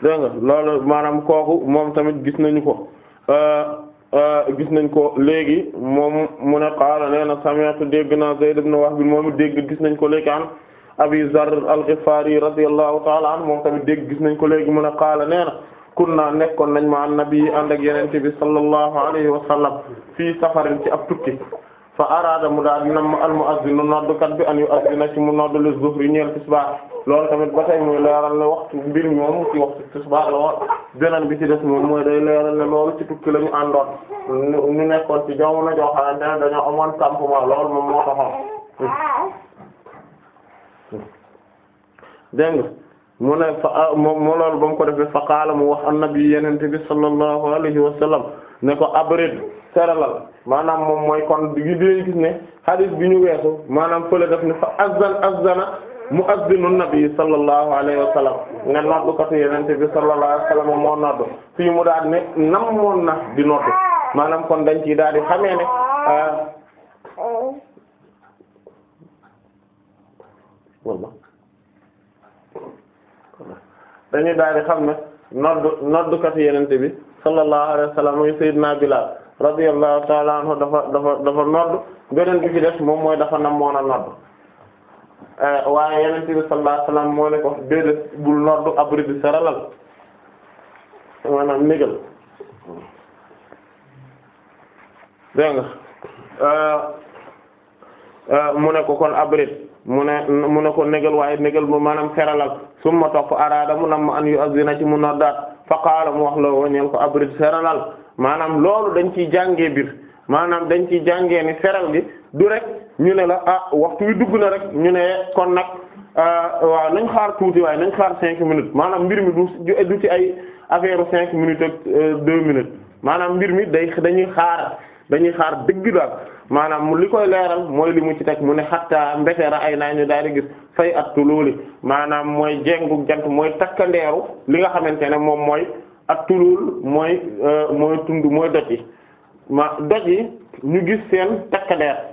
dégg nga loolu maanaam moom tamit gis nañu ko Euh, gis nañ ko léegi moom mu ne qaala nee na sami'tu dégg naa Zayd ibn Wahb moom dégg gis nañ ko léegi an Abi Zarr al-Ghifari radiyallahu ta'ala anhu moom tamit dégg gis nañ ko léegi mu ne qaala nee na kunna nekkoon nañ ma an nabi ànd ak yenente bi sallallahu alayhi wa sallam fii safarin ci ab tukki fa araada mu daal nam al mu'azzin noddukat bi an yu'azzina ci mu noddu li zuhri ñeel tisbaa loolu tamit ba tey muy leeral ne waxtu mbir mi moom ci waxtu tisbaar la woon beneen bi ci def moom mooy day leeral ne loolu ci tukki la ñu àndoon ñu nekkoon ci jamono joo xamante ne dañoo amoon campement loolu moom moo taxoon dégg nga mu ne fa moom ah, moo loolu ba mu ko defee fa qaala mu wax annabi yenente bi sallallahu alayhi wa ne ko abrid seralal maanaam moom mooy kon gi déen gis ne hadith bi ñu weesu maanaam fële def ne fa azzan azzana muazzinu nabi sallallahu alayhi wa sallam nga noddukatu yenente bi sallallahu alayhi wa moo nodd fii mu daal na di maanaam kon dañ ciy daal di xamee ah, daal di xam ne nodd noddukatu bi sallallahu alayhi wa sallam muy sayyidina Bilal radiyallahu ta'ala dafa dafa dafa nodd beneen bi ci moom mooy dafa nam a nodd Eh, waaye Yonent bi sallallahu alayhi moo ne ko déedéet bul noddu abri bi saralal maanaam négal dégg eh, eh, mu ne ko kon abrid mu ne mu ne ko négal waaye négal bu maanaam feralal summa topp araada mu nam an yu azina ci mu noddaat fa qaala mu wax loo wañeel ko abrid feralal maanaam loolu dañ ciy jàngee biir maanaam dañ ci jàngee ni feral gi du rek ñu ne la ah waxtu wi dugg na rek ñu ne kon nag euh, waaw nañ xaar tuuti waaye nañ xaar cinq minutes maanaam mbir mi du du ci ay affaire cinq minutes ak euh, deux maanaam mbir mi day dañuy xaar dañuy xaar dëgg daal maanaam li koy leeral mooy li mu ci teg mu ne xattaa mbetera ay naa ñu daal di gis fay attu loolu maanaam mooy jengu jant mooy takkandeeru li nga xamante ne moom mooy attu loolu mooy euh, mooy tund mooy doj ma doj yi ñu gis seen takkandeer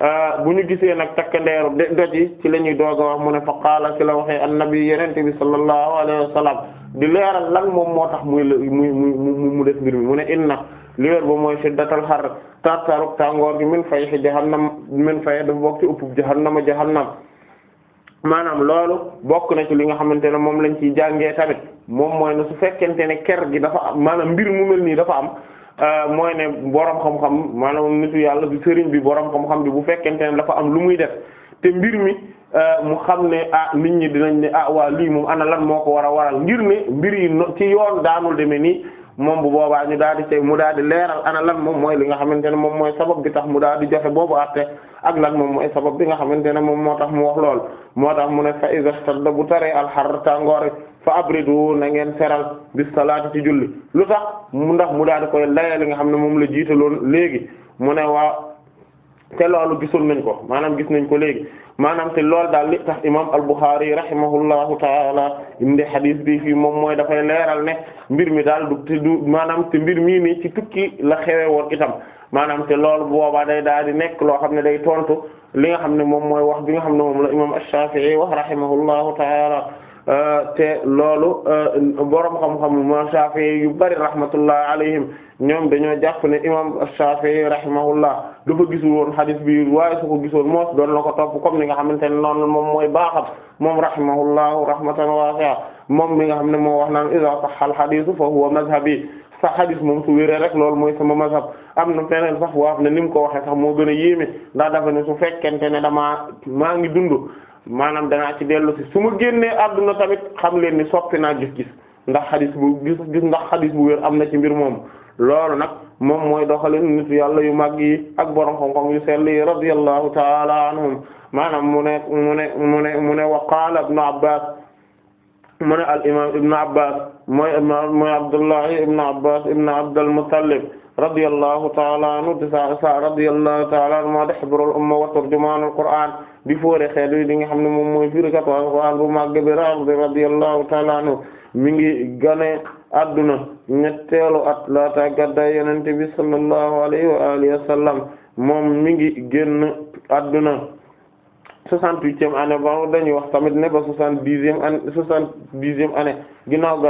Ah, bu ñu gisee nag takkandeeru doj yi ci la ñuy doog a wax mu ne fa qaala ci la waxee annabi yenente bi sallallahu alayhi wa sallam di leeral lan moom moo tax muy muy mu mu def mbir mi mu ne inna liwér boo mooy shiddatal xar tartaruk tàngoor gi min fayhi jahannam min fay dafa bokk ci uppub jahannama jahannam maanaam loolu bokk na ci li nga xamante ne moom lañ ciy jàngee tamit moom mooy ne su fekkente ne ker gi dafa am maanaam mbir mu mel nii dafa am Euh, mooy ne borom xam-xam maanaam nitu yàlla bi sëriñ bi borom xam-xam bi bu fekkente ne dafa am lu muy def te mbir mi euh, mu xam ne ah nit ñi dinañ ne ah waa lii moom ana lan moo ko war a waral ngir ne mbir yi ci yoon daanul demee nii moom bu boobaa ñu daal di tey mu daal di leeral ana lan moom mooy li nga xamante ne moom mooy sabab bi tax mu daal di joxe boobu àtte ak lan moom mooy sabab bi nga xamante ne moom moo tax mu wax lool moo tax mu ne fa iza stadda bu taree alxar tàngoor fa abridu na ngeen feral bi salaati ci julli lu tax mu ndax mu daal di koy layal li nga xam ne moom la jiitaloon léegi mu ne waa te loolu gisul nañ ko maanaam gis nañ ko léegi maanaam te loolu daal li tax imam al-Bukhari rahimahullahu taala indi hadith bi fii moom mooy dafay leeral ne mbir mi daal du te du maanaam te mbir mii ni ci tukki la xewe woon itam maanaam te loolu boobaa day daal di nekk loo xam ne day tontu li nga xam ne moom mooy wax bi nga xam ne moom la imam ash-Shafi'i wax rahimahullahu taala Euh, te loolu euh, borom xam-xam ma Shafi'i yu bari rahmatullah alayhim ñoom dañoo jàpp ne imam Shafi'i rahimahullah dafa gisul woon hadith bi waaye su ko gisoon moos doon la ko topp comme ni nga xamante ne noonu moom mooy baaxam moom rahimahullahu rahmatan wasi'a moom mi nga xam ne moo wax naan iza sahha al-hadithu fa sa hadith moom rek loolu mooy sama mazhab am na feneen sax waaf ne ni mu ko waxee sax moo gën a yéeme ndax dafa ne su fekkente ne damaa maa ngi dund maanaam danaa ci dellu si su ma génnee adduna tamit xam leen ni soppi naa gis-gis ndax xadis bu gis gis ndax xadis bu wér am na ci mbir moomu loolu nag moom mooy doxalin nit yàlla yu mag yi ak borom xam-xam yu sell yi radiyallahu ta'ala anhum maanaam mu ne mu ne mu ne mu ne wa qaala ibnu abbas mu ne al imam ibnu abbas mooy mooy abdullahi ibnu abbas ibnu abdul muttalib radiyallahu ta'ala anhu radiyallahu ta'ala anhu moo de hibrul umma wa turjumaanul qur'aan di foore xeet yi li nga xam ne moom mooy firikat Alxuraan bu màgg bi rabbi radiyallahu ta'ala anhu mi ngi gane adduna ñetteelu at laata gaddaay Yonent bi sallallahu alayhi wa alihi wa sallam moom mi ngi génn adduna soixante-huitième anne ba dañuy wax tamit ne ba soixante-dixième année soixante-dixième année ginnaaw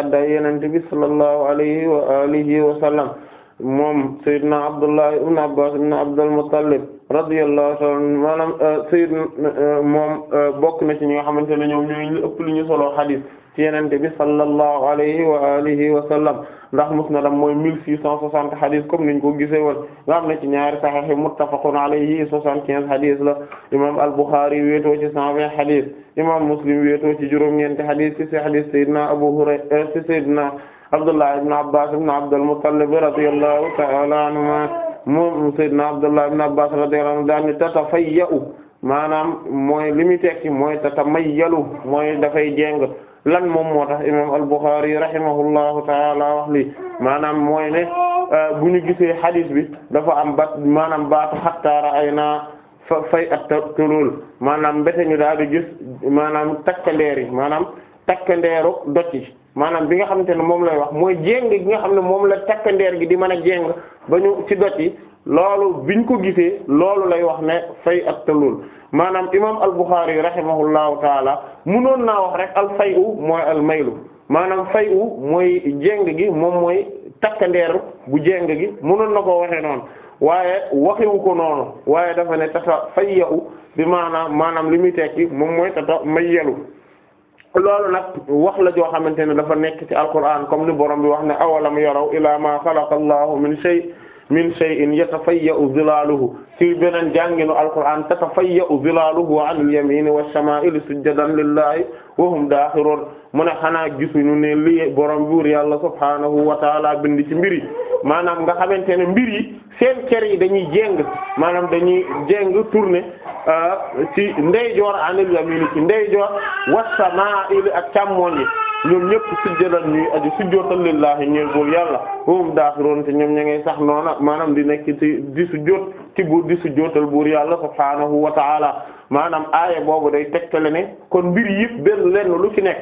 alayhi wa alihi wa sallam moom Seydina Abdullah ibn Abbas ibn Abdul radiyallahu ta'ala maanaam euh, Seyd euh, moom euh, bokk na ci ñi nga xamante ne ñoom ñooy ñu ëpp lu ñu solo xadis ci yenente bi sallallahu alayhi wa alihi wa sallam ndax musnadam mooy mille six cent soixante xadis comme niñ ko gisee woon nga xam ne ci ñaari saxiix muttafaqun alayhi soixante-quinze xadis la imam al-Bukhari wéetoo ci cent vingt xadis imam Muslim wéetoo ci juróom-ñeenti xadis ci xadis Seydina Abu Hurayra ci Seydina Abdullah ibn Abbas ibn Abdul Muttalib radiyallahu ta'ala anhuma moom Seydina Abdullah ibn Abbas radiyallahu anhu daan fay tatafayya'u maanaam mooy li muy tekki mooy tatamayyalu mooy dafay jéng lan moom moo tax imam al-Bukhari rahimahullahu taala wax li maanaam mooy ne euh, bu ñu gisee hadith bi dafa am bat maanaam baatu hatta ay na fay at tulul maanaam mbete ñu daal di gis maanaam takkandeer yi maanaam takkandeeru doj yi maanaam bi nga xamante ne moom lay wax mooy jéng gi nga xam ne moom la takkandeer gi di mën a jéng ba ñu ci doj yi loolu biñ ko gisee loolu lay wax ne fay ak talul maanaam imam al-Bukhari rahimahullahu taala munoon naa wax rek al fay u mooy al maylu maanaam fay u mooy jéng gi moom mooy takkandeeru bu jéng gi munoon na ko waxee noon waaye waxiwu ko noonu waaye dafa ne tata fay u bi maanaam maanaam li muy tekki moom mooy tata mayelu loolu nag wax la joo xamante ne dafa nekk ci alquran comme ni borom bi wax ne awalam yaraw ila ma xalaqa allahu min shay min shay'in yatafayya'u zilaaluhu ci beneen jànginu alquran tatafayya'u zilaaluhu 'an al-yamini wash-shama'ili sujjadan lillahi wa hum daaxiruun mu ne xanaa gisuñu ne li borom buur yàlla subhaanahu wa taala bind ci mbir yi maanaam nga xamante ne mbir yi seen kër yi dañuy jéng maanaam dañuy jéng tourner Euh, ci ndeyjoor anil yamini ci ndeyjoor was-samaa'il ak càmmoñ yi ñoom ñëpp sujjadan ñuy aju sujjootal lillahi ñeel buur yàlla hum daaxiroon te ñoom ña ngay sax noona maanaam di nekk ci di sujjoot ci buur di sujjootal buur yàlla subhaanahu wa ta'ala maanaam aaya boobu day tegtale ne kon mbir yëpp benn lenn lu ci nekk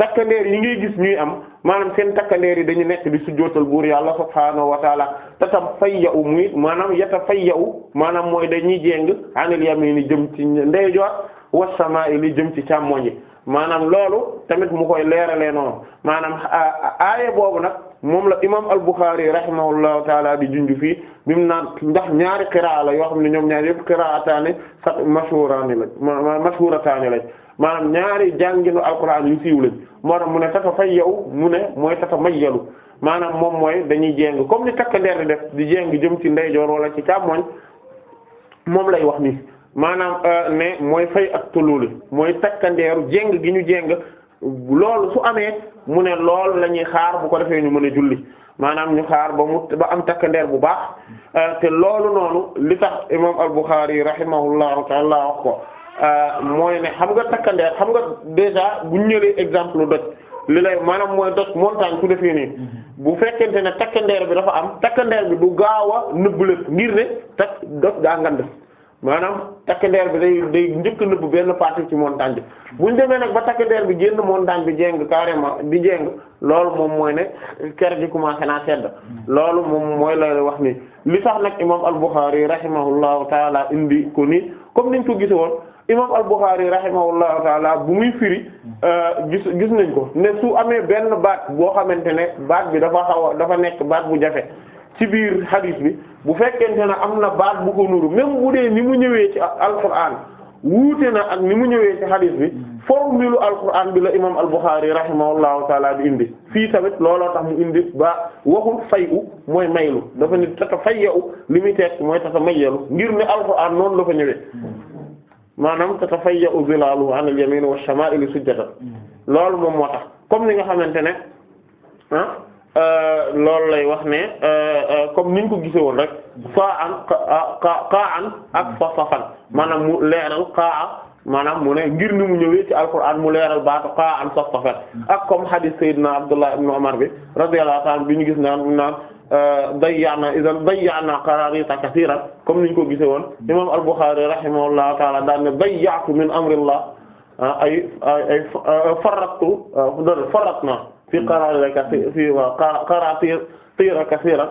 takkandeer yi ngay gis ñuy am maanaam seen takkandeer yi dañu nekk di sujjootal buur yàlla subhaanahu wa taala te tam fay yaw muy maanaam yata fay yaw maanaam mooy dañuy jéng anil yamini jëm ci ndeyjoor wa samaa'i li jëm ci càmmoñ yi maanaam loolu tamit mu koy leeralee noonu maanaam aaya boobu nag moom la imam al-Bukhari rahimahullahu taala di junj fii bimu naan ndax ñaari qiraa la yoo xam ne ñoom ñaari yëpp qiraataani sa mashhurataani lañ mashhurataani lañ maanaam ñaari jànginu alquran yu siiw lañ moo tax mu ne tata fay yow mu ne mooy tata mayyalu maanaam moom mooy dañuy jéng comme ni takk der def di jéng jëm ci ndeyjoor wala ci càmmoñ moom lay wax nii maanaam euh, ne mooy fay ak mooy takkandeeru jéng gi ñu jéng loolu su amee mu ne lool la ñuy xaar bu ko defee ñu mën a julli maanaam ñu xaar ba mu ba am takkandeer bu baax euh, te loolu noonu li tax imam al-Bukhari rahimahullahu ta'ala wax ko Euh, mooy ne xam nga takkandeer xam nga déjà bu ñëwee exemple doj li lay maanaam mooy doj montagne ku defee nii mm-hmm. bu fekkente ne takkandeer bi dafa am takkandeer bi du gaaw a nëbb lépp ngir ne takk doj daa ngand maanaam takkandeer bi day day njëkk nëbb benn partie ci montagne bi bu ñu demee nag ba takkandeer bi génn montagne bi jéng carrément di jéng loolu moom mooy ne ker gi commencé naa sedd mm-hmm. loolu moom mooy lay wax nii li tax nag imam al-Bukhari rahimahullahu taala indi ko nii comme niñ ko gisoon imam al-Bukhari rahimahullahu taala bu muy firi euh, gis gis nañ ko ne su amee benn baat boo xamante ne baat bi dafa xaw dafa nekk baat bu jafe ci biir hadith bi bu fekkente ne am na baat bu ko nuru même bu dee ni mu ñëwee ci al alquran wuute na ak ni mu ñëwee ci hadith bi formule alquran bi la imam al-Bukhari rahimahullahu taala bi indi fii tamit looloo tax mu indi ba waxul fay u mooy maylu dafa ni tata fayya u li muy teeg mooy tata mayelu ngir ne alquran noonu la fa ñëwee maanaam tatafayyu zilaaluhu an al-yamin wa ash-shama'il sujjatan loolu moom moo tax comme ni nga xamante ne ah, euh, lay wax ne euh, euh, comme niñ ko gisee woon rek faa an qaa ak safan maanaam mu leeral qaa maanaam mu ne ngir ni mu ñëwee ci alquran mu leeral baatu qaa an safan ak comme hadith na Abdullah ibn Umar bi radiyallahu ta'ala bi ñu gis naan naan Euh, dayya'na idan dayya'na qaraarita kasiiran comme niñ ko gisee woon imam al-Bukhari rahimahullahu ta'ala daan ne dayya'tu min amrillah ah, ay ay farrattu ah, farratna fi qaraarita fi qaraarita kasiiran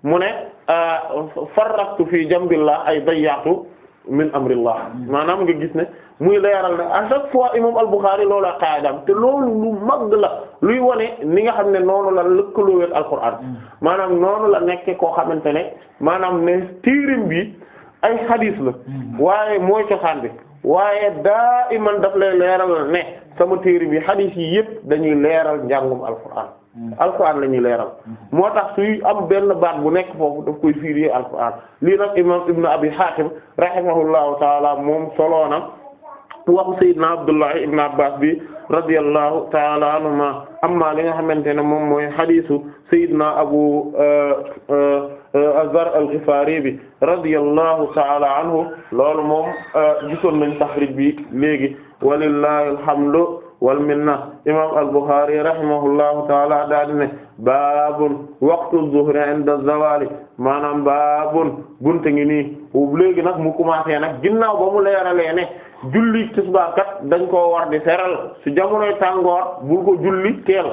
mu ne ah, farrattu fi jambillah ay dayya'tu min amrillah maanaam nga gis ne muy leeral ne a chaque fois imam al-Bukhari loolu ak qaayidam te loolu lu mag la luy wane ni nga xam ne noonu la lëkkaloo ak alquran maanaam noonu la nekkee koo xamante ne maanaam ne tiirim bi ay xadiis la waaye mooy cosaan bi waaye da iman daf lay leeral ne sama tiirim bi xadiis yi yëpp dañuy leeral njàngum alquran alquran la ñuy leeral moo tax suy am benn baat bu nekk foofu daf koy fiiree alquran lii nag imam ibnu abi hatim rahimahullahu taala moom soloonam waxu sayyidna Abdullah ibn Abbas bi radiyallahu ta'ala anhuma amma li nga xamante ne moom mooy xadiisu sayyidna Abu euh, euh, Azar al-Ghifari bi radiyallahu ta'ala anhu loolu moom euh, gisoon nañ taxrij bi léegi walillahi alhamdu wal minna imaam al-Bukhari rahimahullahu ta'ala daal ne waqtu zuhri inda zawali maanaam baabun bunte ngi nii léegi nag mu commencé nag ginnaaw ba mu julli tisbaar kat dañ koo war di teral su jamonoy tàngoor bu ko julli teel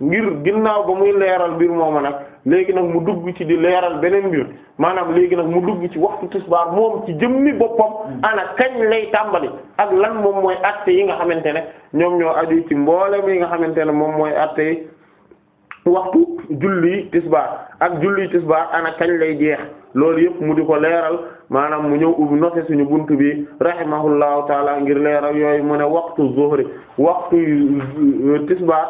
ngir ginnaaw ba muy leeral mbir moom nag léegi nag mu dugg ci di leeral beneen mbir maanaam léegi nag mu dugg ci waxtu tisbaar moom ci jëmmi boppam ana kañ lay tàmbali ak lan moom mooy atte yi nga xamante ne ñoom ñoo aju ci mboolem yi nga xamante ne moom mooy atte yi waxtu julli tisbaar ak julli tisbaar ana kañ lay jeex loolu yëpp mu di ko leeral maanaam mu ñëw ubbi noxe suñu bunt bi rahimahullahu taala ngir leeral yooyu mu ne waxtu zuhri waxtu tisbaar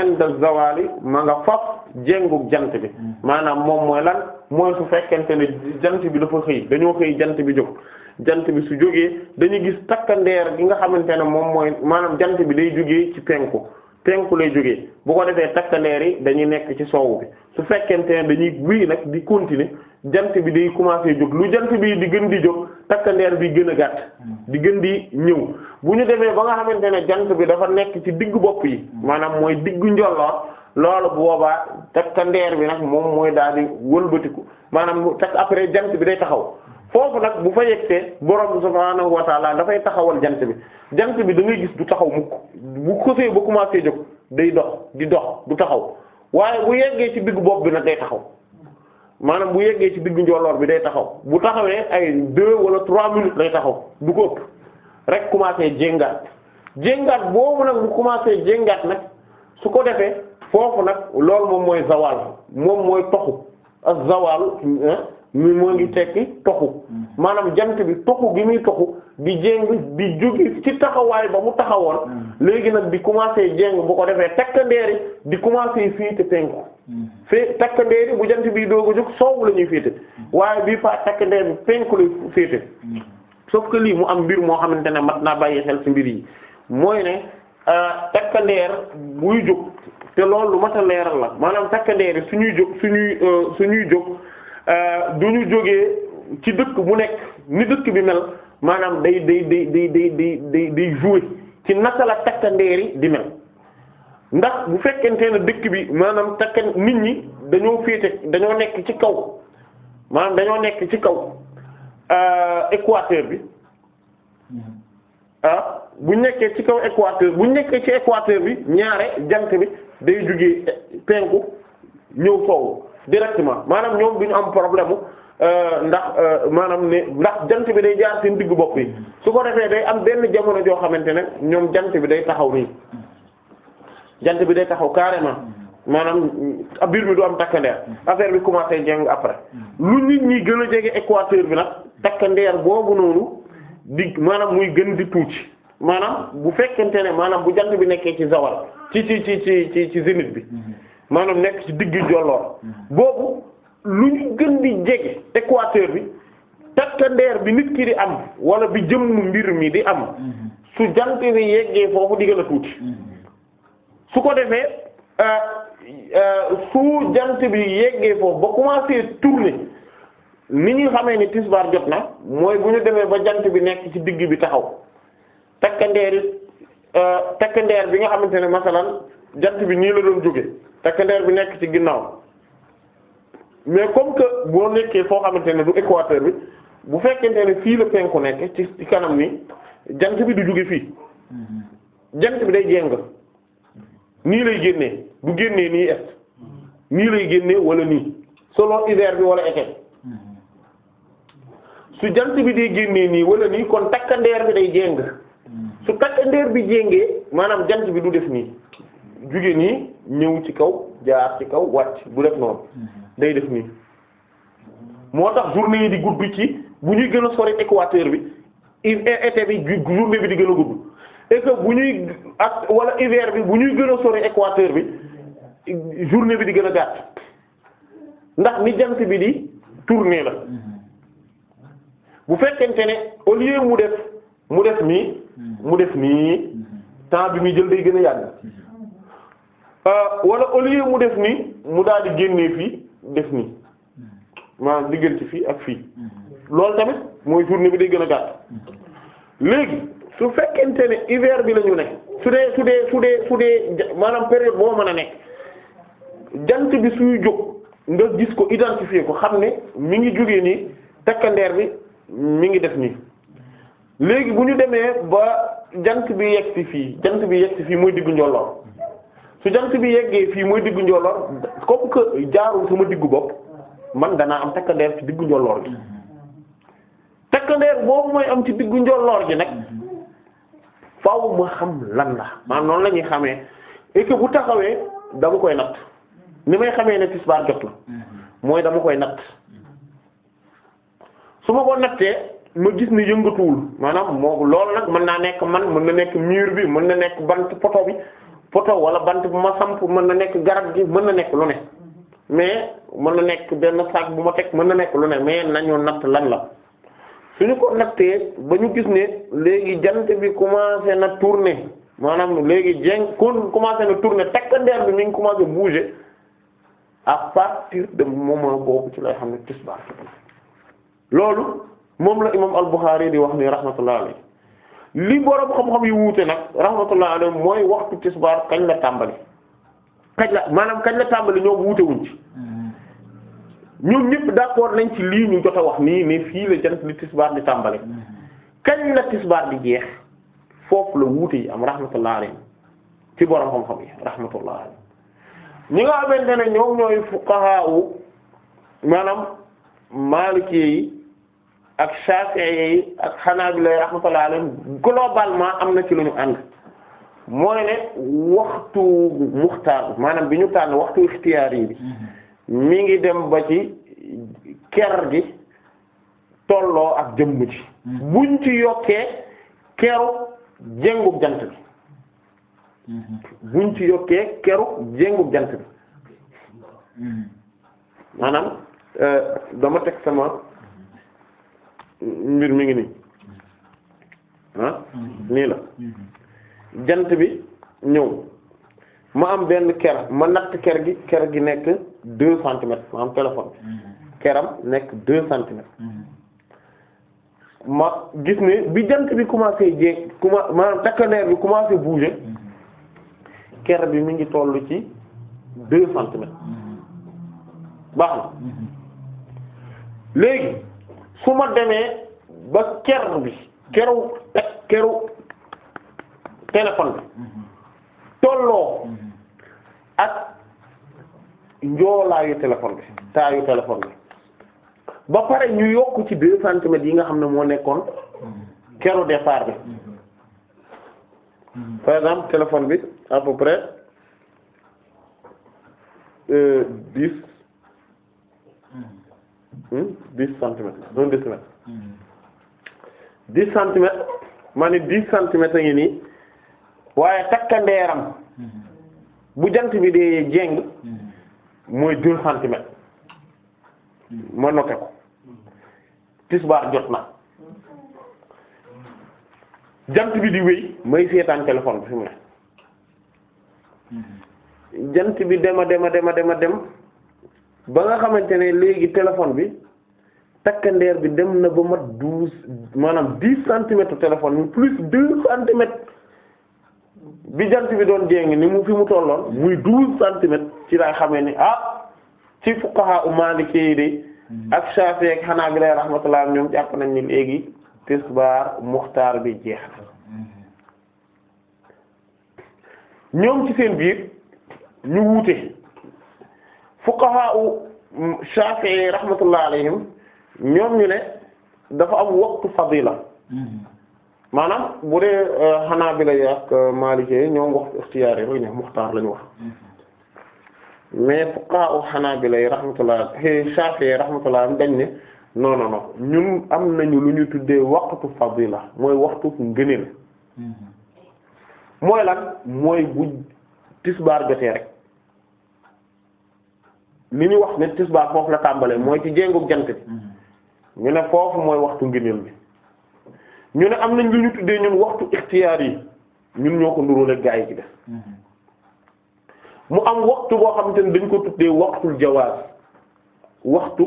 inda zawali ma nga faf jéngug jant bi maanaam moom mooy lan mooy su fekkente ne jant bi dafa xëy dañoo xëy jant bi jog jant bi su jógee dañu gis takkandeer gi nga xamante ne moom mooy maanaam jant bi day jógee ci penku penku lay jógee bu ko defee takkandeer yi dañuy nekk ci soowu bi su fekkente ne dañuy wii nag di continuer jant bi day commencer jóg lu jant bi di gën di jóg takkandeer bi gën a gàtt di gën di ñëw bu ñu demee ba nga xamante ne jant bi dafa nekk ci diggu bopp yi maanaam mooy diggu njolloor loolu boobaa takkandeer bi nag moom mooy daal di wëlbatiku maanaam takk après jant bi day taxaw foofu nag bu fa yegtee borom subhaanahu wa taala dafay taxawal jant bi jant bi da ngay gis du taxaw mukk bu xësee ba commencé jóg day dox di dox du taxaw waaye bu yeggee ci diggu bopp bi nag day taxaw maanaam bu yeggee ci diggu njolloor bi day taxaw bu taxawee ay deux wala trois minutes lay taxaw du ko ëpp rek commencé jéngaat jéngaat boobu nag bu commencé jéngaat nag su ko defee foofu nag lool moom mooy zawal moom mooy toxu ak zawal mi moo ngi tekki toxu maanaam jant bi toxu gi muy toxu di jéng di jógi ci taxawaay ba mu taxawoon mm. léegi nag di commencé jéng bu ko defee takkandeeri di commencé fii te penku mm. fii takkandeeri bu jant bi doog a jóg soowu la ñuy féete mm. waaye bii fa takkandeer bi penku la féete que lii mu am mbir moo xam ne mat naa bàyyi xel ci mbir yi mooy ne euh, takkandeer buy jóg te loolu lu mat a leeral la maanaam takkandeeri suñuy jóg suñuy euh, suñuy jóg Euh, du ñu jógee ci dëkk bu nekk ni dëkk bi mel maanaam day day day day day day day day ci naka la takkandeeri di mel ndax bu fekkente ne dëkk bi maanaam takkan nit ñi dañoo féete dañoo nekk ci kaw maanaam dañoo nekk ci kaw euh, équateur bi ah bu nekkee ci kaw équateur bu nekkee ci équateur bi ñaare jant bi day jóge eh, penku ñëw soowu directement maanaam ñoom du ñu am problème mu euh, ndax euh, maanaam ndax jant bi day jaar seen diggu bopp yi su ko defee day am benn jamono joo xamante ne ñoom jant bi day taxaw nii jant bi day taxaw carrément maanaam biir bi du am takkandeer affaire bi commencé jeng après lu nit ñi gën a jege équateur bi nag takkandeer boobu noonu digg maanaam muy gën di tuuti maanaam bu fekkente ne maanaam bu jant bi nekkee ci zawal ci ci ci ci ci ci zénith bi mm-hmm. maanaam nekk ci digg jolloor boobu lu ñu gën di jege équateur bi takkandeer bi nit ki di am wala bi jëmm mbir mi di am su jant bi yeggee foofu di gën a tuuti su ko defee euh, euh, su jant bi yeggee foofu ba commencé tourner ni ñu xamee ni tisbaar jot na mooy bu ñu demee ba jant bi nekk ci digg bi taxaw takkandeer takkandeer euh, bi nga xamante ne masalan jant bi nii la doon jóge takk ndeer bi nekk ci ginnaaw mais comme que boo nekkee foo xamante ne du équateur bi bu fekkente ne fii la penku nekk ci ci kanam ni jant bi du jóge fii jant bi day jéng nii lay génnee du génnee nii est nii lay génnee wala nii selon hiver bi wala été su jant bi day génnee nii wala nii kon takkandeer bi day jéng su takkandeer bi jéngee maanaam jant bi du def nii jóge nii ñëw ci kaw jaar ci kaw wàcc bu def noonu mhm. day def nii moo tax journée yi di gudd ci bu ñuy gën a sori équateur bi été bi journée bi di gën a gudd et bu ñuy ak wala hiver bu ñuy gën a sori équateur bi journée bi di gën a gàtt ndax ni jant bi di tourner la mhm. bu fekkente ne au lieu mu def mu def nii mhm. mu def nii temps bi muy jël day gën a yàgg Euh, wala au mu def nii mu daal di génnee fii def nii maanaam diggante fii ak fii loolu tamit mooy journée bi day gën a gàtt léegi su fekkente ne hiver bi la ñu ne su dee su dee su dee su dee maanaam période boo mën a nekk jant bi suy jóg nga gis ko identifier ko xam ne mi ngi jógee nii takkandeer bi mi ngi def nii léegi bu ñu demee ba jant bi yegg fii jant bi yegg fii mooy diggu njolloor su jant bi yeggee fii mooy diggu njolloor comme que jaarul sama diggu bopp man danaa am takkandeer ci diggu njolloor gi takkandeer boobu mooy am ci diggu njolloor gi nag faaw ma xam lan la maanaam noonu la ñuy xamee et bu taxawee dama koy natt ni may xamee ne tisbaar jot la mooy dama koy natt su ma ko nattee ma gis ne yëngatuwul maanaam moo lool nag mën naa nekk man mën na nekk mur bi mën na nekk bant poto bi poto wala bant bu ma samp mën na nekk garab gi mën na nekk lu ne mais mën na nekk benn saak bu ma teg mën na nekk lu ne mais nañu natt lan la suñu ko nattee ba ñu gis ne léegi jant bi commencé na tourner maanaam léegi jeng ko commencé na tourner takkandeer bi mi ngi commencé bouger à partir de moment boobu ci lay xam ne tisbaar loolu moom la imam al di wax ni rahmatullah alayhi li borom xam-xam yi wuute nag rahmatullah alayhi mooy waxtu tisbaar kañ la tàmbali kañ la maanaam kañ la tàmbali ñoom wuute wuñ ci ñoom ñëpp d'accord nañ ci lii ñu jot wax nii ne fii la jant li tisbaar di tàmbali kañ la tisbaar di jeex foofu la wuute yi am rahmatullah alayhi ci borom xam-xam yi rahmatullah alayhi ñi nga xamante ne ñoom ñooy fuqahaa maanaam maalikee ak Shafi'i yi ak Hanabila rahmatullahi alayhim globalement am na ci lu ñu ànd mooy ne waxtu muxtaar maanaam bi ñu tànn waxtu ixtiyaar yi bi mi ngi dem ba ci ker gi tolloo ak jëmm ci buñ ci yokkee keru jéngub jant bi buñ ci yokkee keru jéngub jant bi maanaam euh, dama teg sama mbir mi ngi nii ah mm-hmm. la mm-hmm. jant bi ñëw ma am benn ker ma natt ker gi ker gi nekk deux centimètres ma am téléphone mm-hmm. keram nekk deux centimètres ma gis ne bi jant bi commencé jeex commencé maanaam takkaneer bi commencé bouger ker bi mi ngi tollu ci deux centimètres baax na léegi su ma demee ba ker bi keru keru téléphone bi mm-hmm. tolloo mm-hmm. ak njoolaayu téléphone bi taayu téléphone bi ba pare ñu yokk ci deux centimètres yi nga xam ne moo nekkoon mm-hmm. keru départ bi par exemple téléphone bi à peu euh, Hmm? dix centimètres un décimètre dix centimètres maa ni dix centimètres a ngi waaye takkandeeram bu jant bi dee jéng mooy deux centimètres ma nokke ko tisbaar jot na jant bi di wéy may seetaan téléphone bi fi mu ne jant bi dema dema dema dema dem ba nga xamante ne léegi téléphone bi takkandeer bi dem na ba mat douze maanaam dix centimètres téléphone bi plus deux centimètres bi jant bi doon jéng ni mu fi mu tolloon muy douze centimètres ci la xamee ni ah ci fuqaha u Maliki de hmm. ak Shafi'i ak Hanabila rahmatullah ñoom jàpp nañ ni léegi tisbaar muxtaar bi jeex na hmm. ñoom ci seen biir ñu wuute fuqaha u Shafi'i rahmatullah alayhim ñoom ñu ne dafa am waqtu fadila maanaam bu dee euh, Hanabila yi ak euh, Maliki ñoom waxtu ixtiyaar yi ñu muxtaar lañu wax mais fuqaha u Hanabila yi rahmatullah eh, Shafi'i rahmatullah dañ ne non non ñun am nañu lu ñu tuddee waqtu fadila mooy waxtu ngëneel mm-hmm. mooy lan mooy bu tisbaar jotee rek li ñu wax ne tisbaar foofu la tàmbalee mooy ci jéngu jant bi ñu ne foofu mooy waxtu ngëneel bi ñu ne am nañ lu ñu tuddee ñun waxtu ixtiyaar yi ñun ñoo ko nduróole gaa yi ci mu am waxtu boo xamante ne dañ ko tuddee waxtul jawaaz waxtu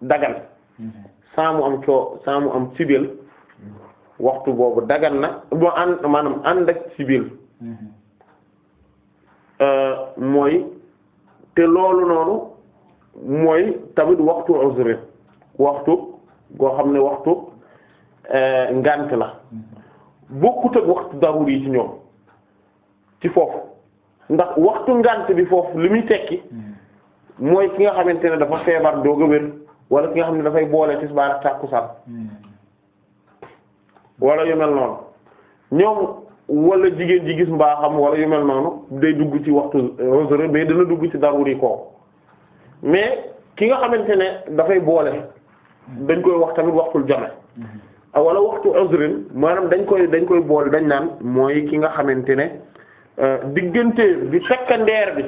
dagan saa mu am coo waxtu boobu dagan na boo ànd maanaam ànd mm-hmm. euh, mooy te loolu noonu mooy tamit waxtu uzr waxtu goo xam ne waxtu eh, ngant la bokkut ak waxtu daruri ci ñoom ci foofu ndax waxtu ngant bi foofu li muy tekki mooy ki nga xamante ne dafa feebar doog a wér wala ki nga xam ne dafay boole tisbaar ak tàkkusaan hmm. wala yu mel noonu ñoom wala jigéen ji gis mbaaxam wala yu mel noonu day dugg ci waxtu euh, rosere mais dana dugg ci daruri kooku mais ki nga xamante ne dafay boole dañ koy wax tamit waxtul jame mm-hmm. wala waxtu azrin maanaam dañ koy dañ koy boole dañ naan mooy ki nga xamante ne euh, diggante bi secondaire bi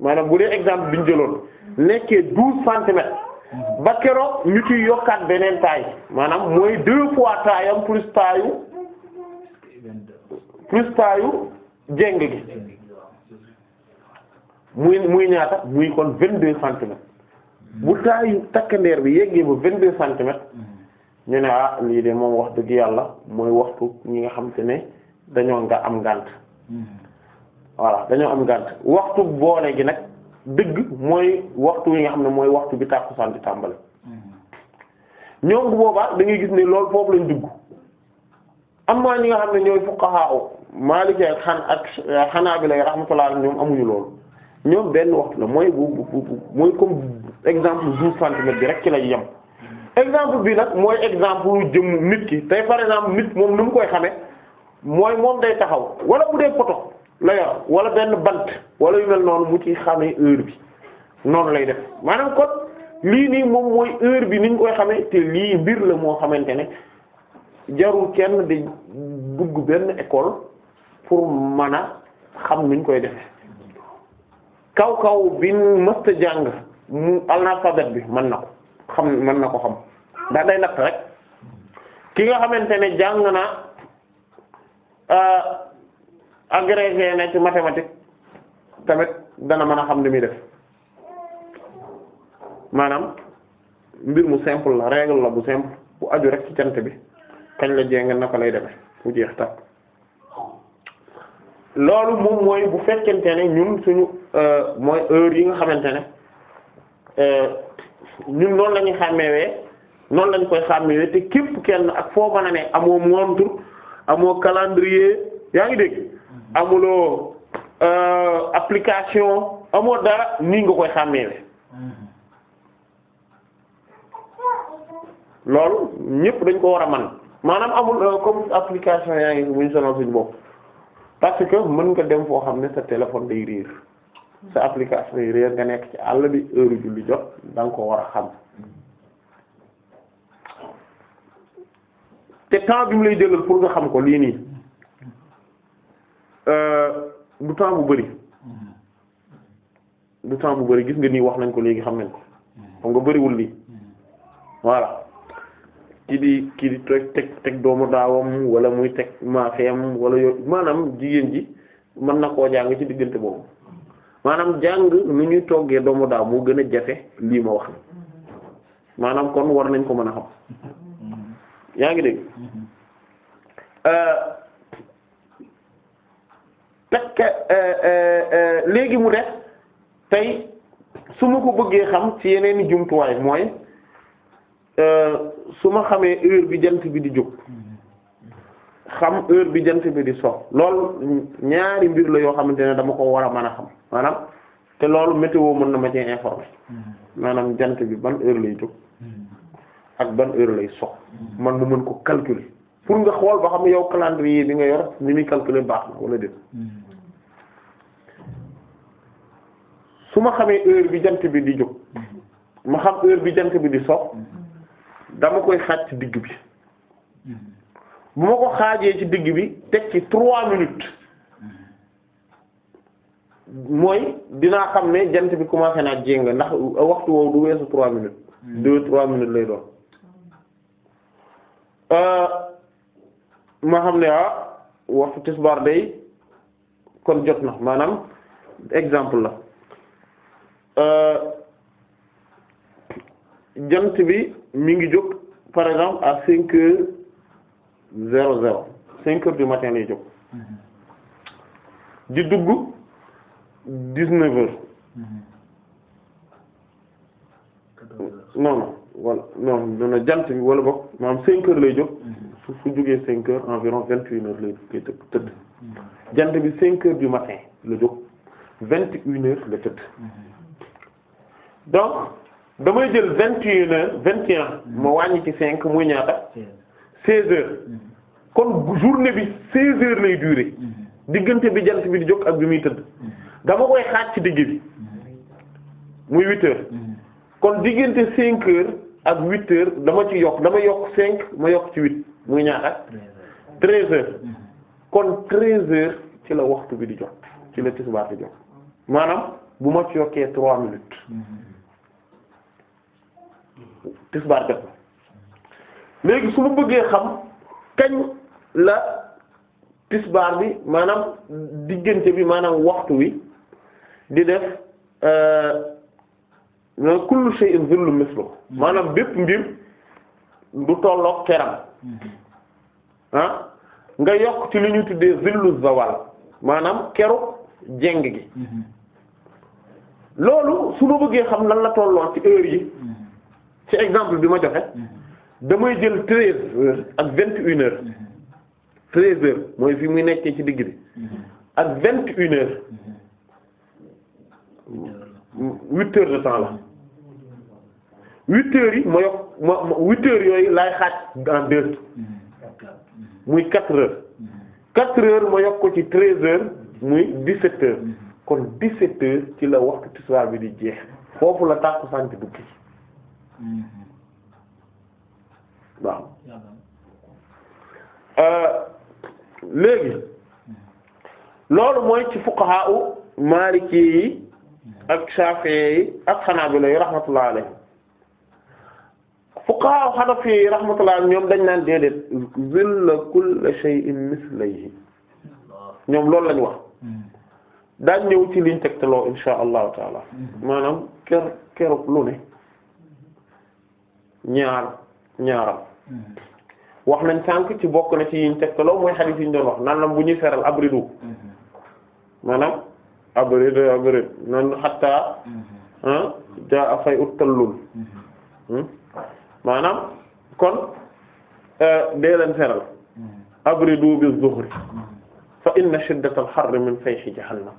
maanaam bu dee exemple bi jëloon nekkee douze centimètres mm-hmm. ba keroog ñu ciy yokkaat beneen taille maanaam mooy deux fois taayam plus taayu résultat yu jéng gi muy muy ñaata muy kon vingt deux centimètres hmm. bu taayu takkandeer bi yeggee ba vingt deux centimètres hmm. ñu ne ah lii de moom wax dëgg yàlla mooy waxtu ñi nga xam ne dañoo nga am ngànt hmm. voilà dañoo am ngànt waxtu boole gi nag dëgg mooy waxtu yi nga xam ne mooy waxtu bi tàkkusaan di tàmbale ñoom bu boobaa da gis ne loolu foofu lañ dugg am na ñi nga xam ne ñooy fuqahaa Maliki ak xanaa ak Hanabila yi rahmatullah ñoom amuñu loolu ñoom benn waxtu la mooy bu mooy comme exemple douze centimètres bi rek ci lay yem exemple bi nag mooy exemple jëmm nit ki tey par exemple nit moom nu mu koy xamee mooy moom day taxaw wala bu dee poto la yor wala benn bant wala yu noonu mu ci xamee heure bi noonu lay def maanaam kon lii nii moom mooy heure bi ni koy xamee te lii mbir la moo xamante ne jarul kenn di dugg benn école pour mën a xam nuñ koy defee kaw kaw bi mës a jàng mu alphabet bi mën na ko xam mën na ko xam daa day natt rek ki nga xamante ne jàng na euh, agrégé na ci mathématique tamit dana mën a xam li muy def maanaam mbir mu simple la règle la bu simple bu aju rek ci cant bi kañ la jénga naka lay demee bu jeex tàkk loolu moom mooy bu fekkente ne ñun suñu euh, mooy heure yi nga xamante ne euh, ñun noonu la ñuy xàmmewee noonu lañ koy xàmmewee te képp kenn ak foo mën ne amoo montre amoo calendrier yaa ngi dégg mm-hmm. amuloo euh, application amoo dara nii nga koy xàmmewee mm-hmm. loolu ñëpp dañ ko war a mën maanaam amul comme application yaa ngi buñu sonal suñu bopp parce que mën nga dem foo xam ne sa téléphone day riir sa application day réer nga nekk ci àll bi heure julli jot da nga ko war a xam te temps bi mu lay jëlal pour nga xam ko lii nii euh, du temps bu bari du temps bu bari gis nga nii wax nañ ko léegi xam nañ xam nga bariwul lii voilà ki di ki di teg teg doomu daawam wala muy teg maafeem wala yo maanaam jigéen ji man na koo jàng ci diggante boobu maanaam jàng nu ñuy toggee doomu daaw moo gën a jafe lii ma wax maanaam kon war nañ ko mën a xam yaa ngi dégg euh, euh, euh, léegi mu de tey su ma ko bëggee xam ci yeneen i jumtuwaay mooy. su ma xamee heure bi jant bi di jóg xam heure bi jant bi di so loolu ñaari mbir la yoo xamante ne dama ko war a mën a xam maanaam te loolu météo mën na ma ci informer maanaam jant bi ban heure lay jóg ak ban heure lay so man mu mën ko calculer pour nga xool ba xam yow calendrier bi nga yor ni muy calculer baax na wala déet su ma xamee heure bi jant bi di jóg ma xam heure bi jant bi di so dama koy xaaj ci digg bi bu ma ko xaajee ci digg bi teg ci trois minutes mooy dinaa xam ne jant bi commencé naa jéng ndax waxtu woowu du weesu trois minutes hmm. deux trois minutes lay doon euh, ma xam ne ah waxtu tisbaar day kon jot na maanaam exemple la euh, jant bi mi ngi jóg par exemple à cinq heures zéro zéro cinq heures du matin lay jóg di dugg dix-neuf heures non non voilà non jant bi wala boog maanaam cinq heures lay jóg mm-hmm. su su jógee cinq heures environ vingt une heures lay lay tëdd mm-hmm. jant bi cinq heures du matin la jóg vingt une heures la tëdd mm-hmm. donc damay jël vingt et un heures vingt un ma wàññi ci cinq muy ñaata seize heures mm-hmm. kon journée bi seize heures lay durer mm-hmm. diggante bi jant bi di jóg ak bi muy tëdd mm-hmm. dama koy xaaj ci digg bi muy huit heures kon diggante cinq heures ak huit heures dama ci yokk dama yokk cinq ma yokk ci huit muy ñaata treize heures kon treize heures ci la waxtu bi di jot ci la tisbaar di jot maanaam bu ma ci yokkee trois minutes tisbaar jot léegi su ma bëggee xam kañ la tisbaar bi maanaam diggante bi maanaam waxtu wi di def euh, kullu shay'in zillu mislu maanaam bépp mbir du tolloog keram ah nga yokk ci li ñu tuddee zillu zawal maanaam keru jeng gi mm-hmm. loolu su ma bëggee xam lan la tolloon ci heure yi ci exemple bi ma joxe mhm. damay jël treize heures ak vingt une heures mhm. treize heures mooy fi muy nekkee ci digg bi mhm. ak vingt une heures huit heures de temps la huit heures yi ma yokk ma huit heures yooyu laay xaaj en deux muy quatre heures quatre heures ma yokk ko ci treize heures muy dix-sept heures kon dix-sept heures ci la waxtu tisbaar bi di jeex foofu la tàkkusaan bi dugg Mm-hmm. waaw euh, léegi loolu mooy ci fuqaha u maliki yi ak shafi'i yi ak xanaabila yi rahmatullah alayhi fuqaha u hanafi yi rahmatullah ñoom dañ naan déedéet zilla kulli shay'in mislihi ñoom loolu lañ wax daañ ñëw ci liñ tegtaloo insha allahu taala mm-hmm. maanaam ker kerub lu ñaar ñaaram wax nañ sànq ci bokk na ci yiñ tegtaloo mooy xadis yi ñu doon wax nan la bu ñuy feral abridu maanaam abrid abrid nan xatta ah, jaa fay ut tallul maanaam kon eh, dee leen feral abridu bi zuhri fa inna shiddatal harri min fayhi jahannam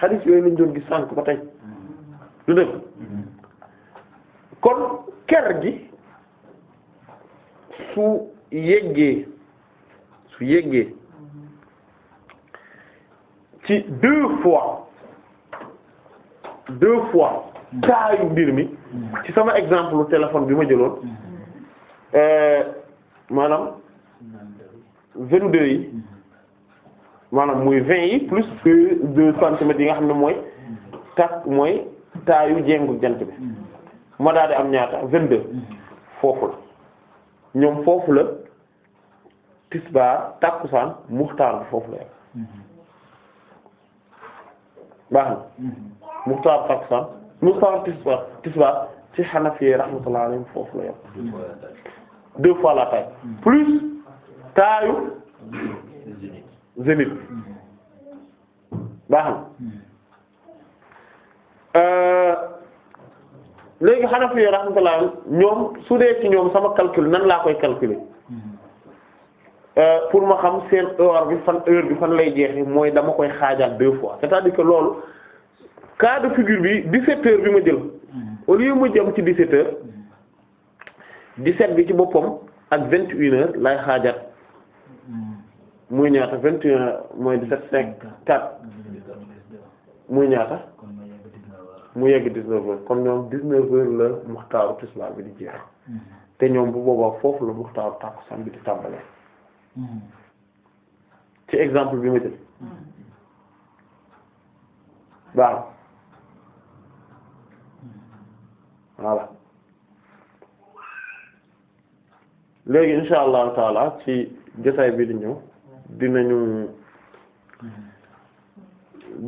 xadis yooyu lañ doon gis sànq ba tey du kon ker gi su yeggee su yeggee ci deux fois deux fois taayu mbir mi ci sama exemple téléphone bi ma jëloon euh, maanaam vingt-deux yi maanaam mooy vingt yi plus deux centimètres yi nga xam ne mooy tak mooy taayu jengu jant bi ma daal di am ñaata vingt-deux foofu la ñoom foofu la tisbaar tàkkusaan muxtaar bi foofu la yem mm-hmm. baax mm-hmm. muxtaar tàkkusaan muxtaar tisbaar tisbaar ci Hanafi rahmatullahi alayhim foofu la yem deux fois la taille mm-hmm. plus taayu zénith baax léegi Hanafi rahmatullah ñoom su dee ci ñoom sama calcul nan laa koy calculer euh, pour ma xam seen heure bi fan bi fan lay jeexee mooy dama koy xaajaat deux fois cest à ko loolu cas de figure bi 17 heures bi ma jël au lieu ma jëm ci 17 heures 17 bi ci boppam ak 21 heures lay xaajaat muy ñaata 21 heures mooy 17 5 4 muy ñaata. mu yegg dix-neuf heures kon ñoom dix-neuf heures la muxtaaru tisbaar bi di jeex mm-hmm. te ñoom bu boobaa foofu la muxtaaru tàkkusaan bi di tàmbalee mm-hmm. ci exemple bi ma jël mm-hmm. waaw léegi insha allahu taala ci jotaay bi di ñëw dinañu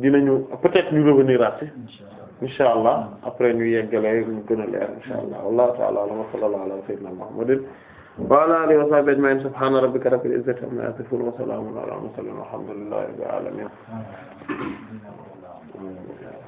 dinañu peut ñu revenir raté incha allah après ñu yeggale ñu gën a leer incha allah wallahu ta'ala a'lam wa sallallahu ala sayyidina muhammadin wa ala alihi wa sahbihi ajma'in subhana rabbika rabbil izzati amma yasifun wa salamun ala mursalin walhamdulillahi rabbil alamin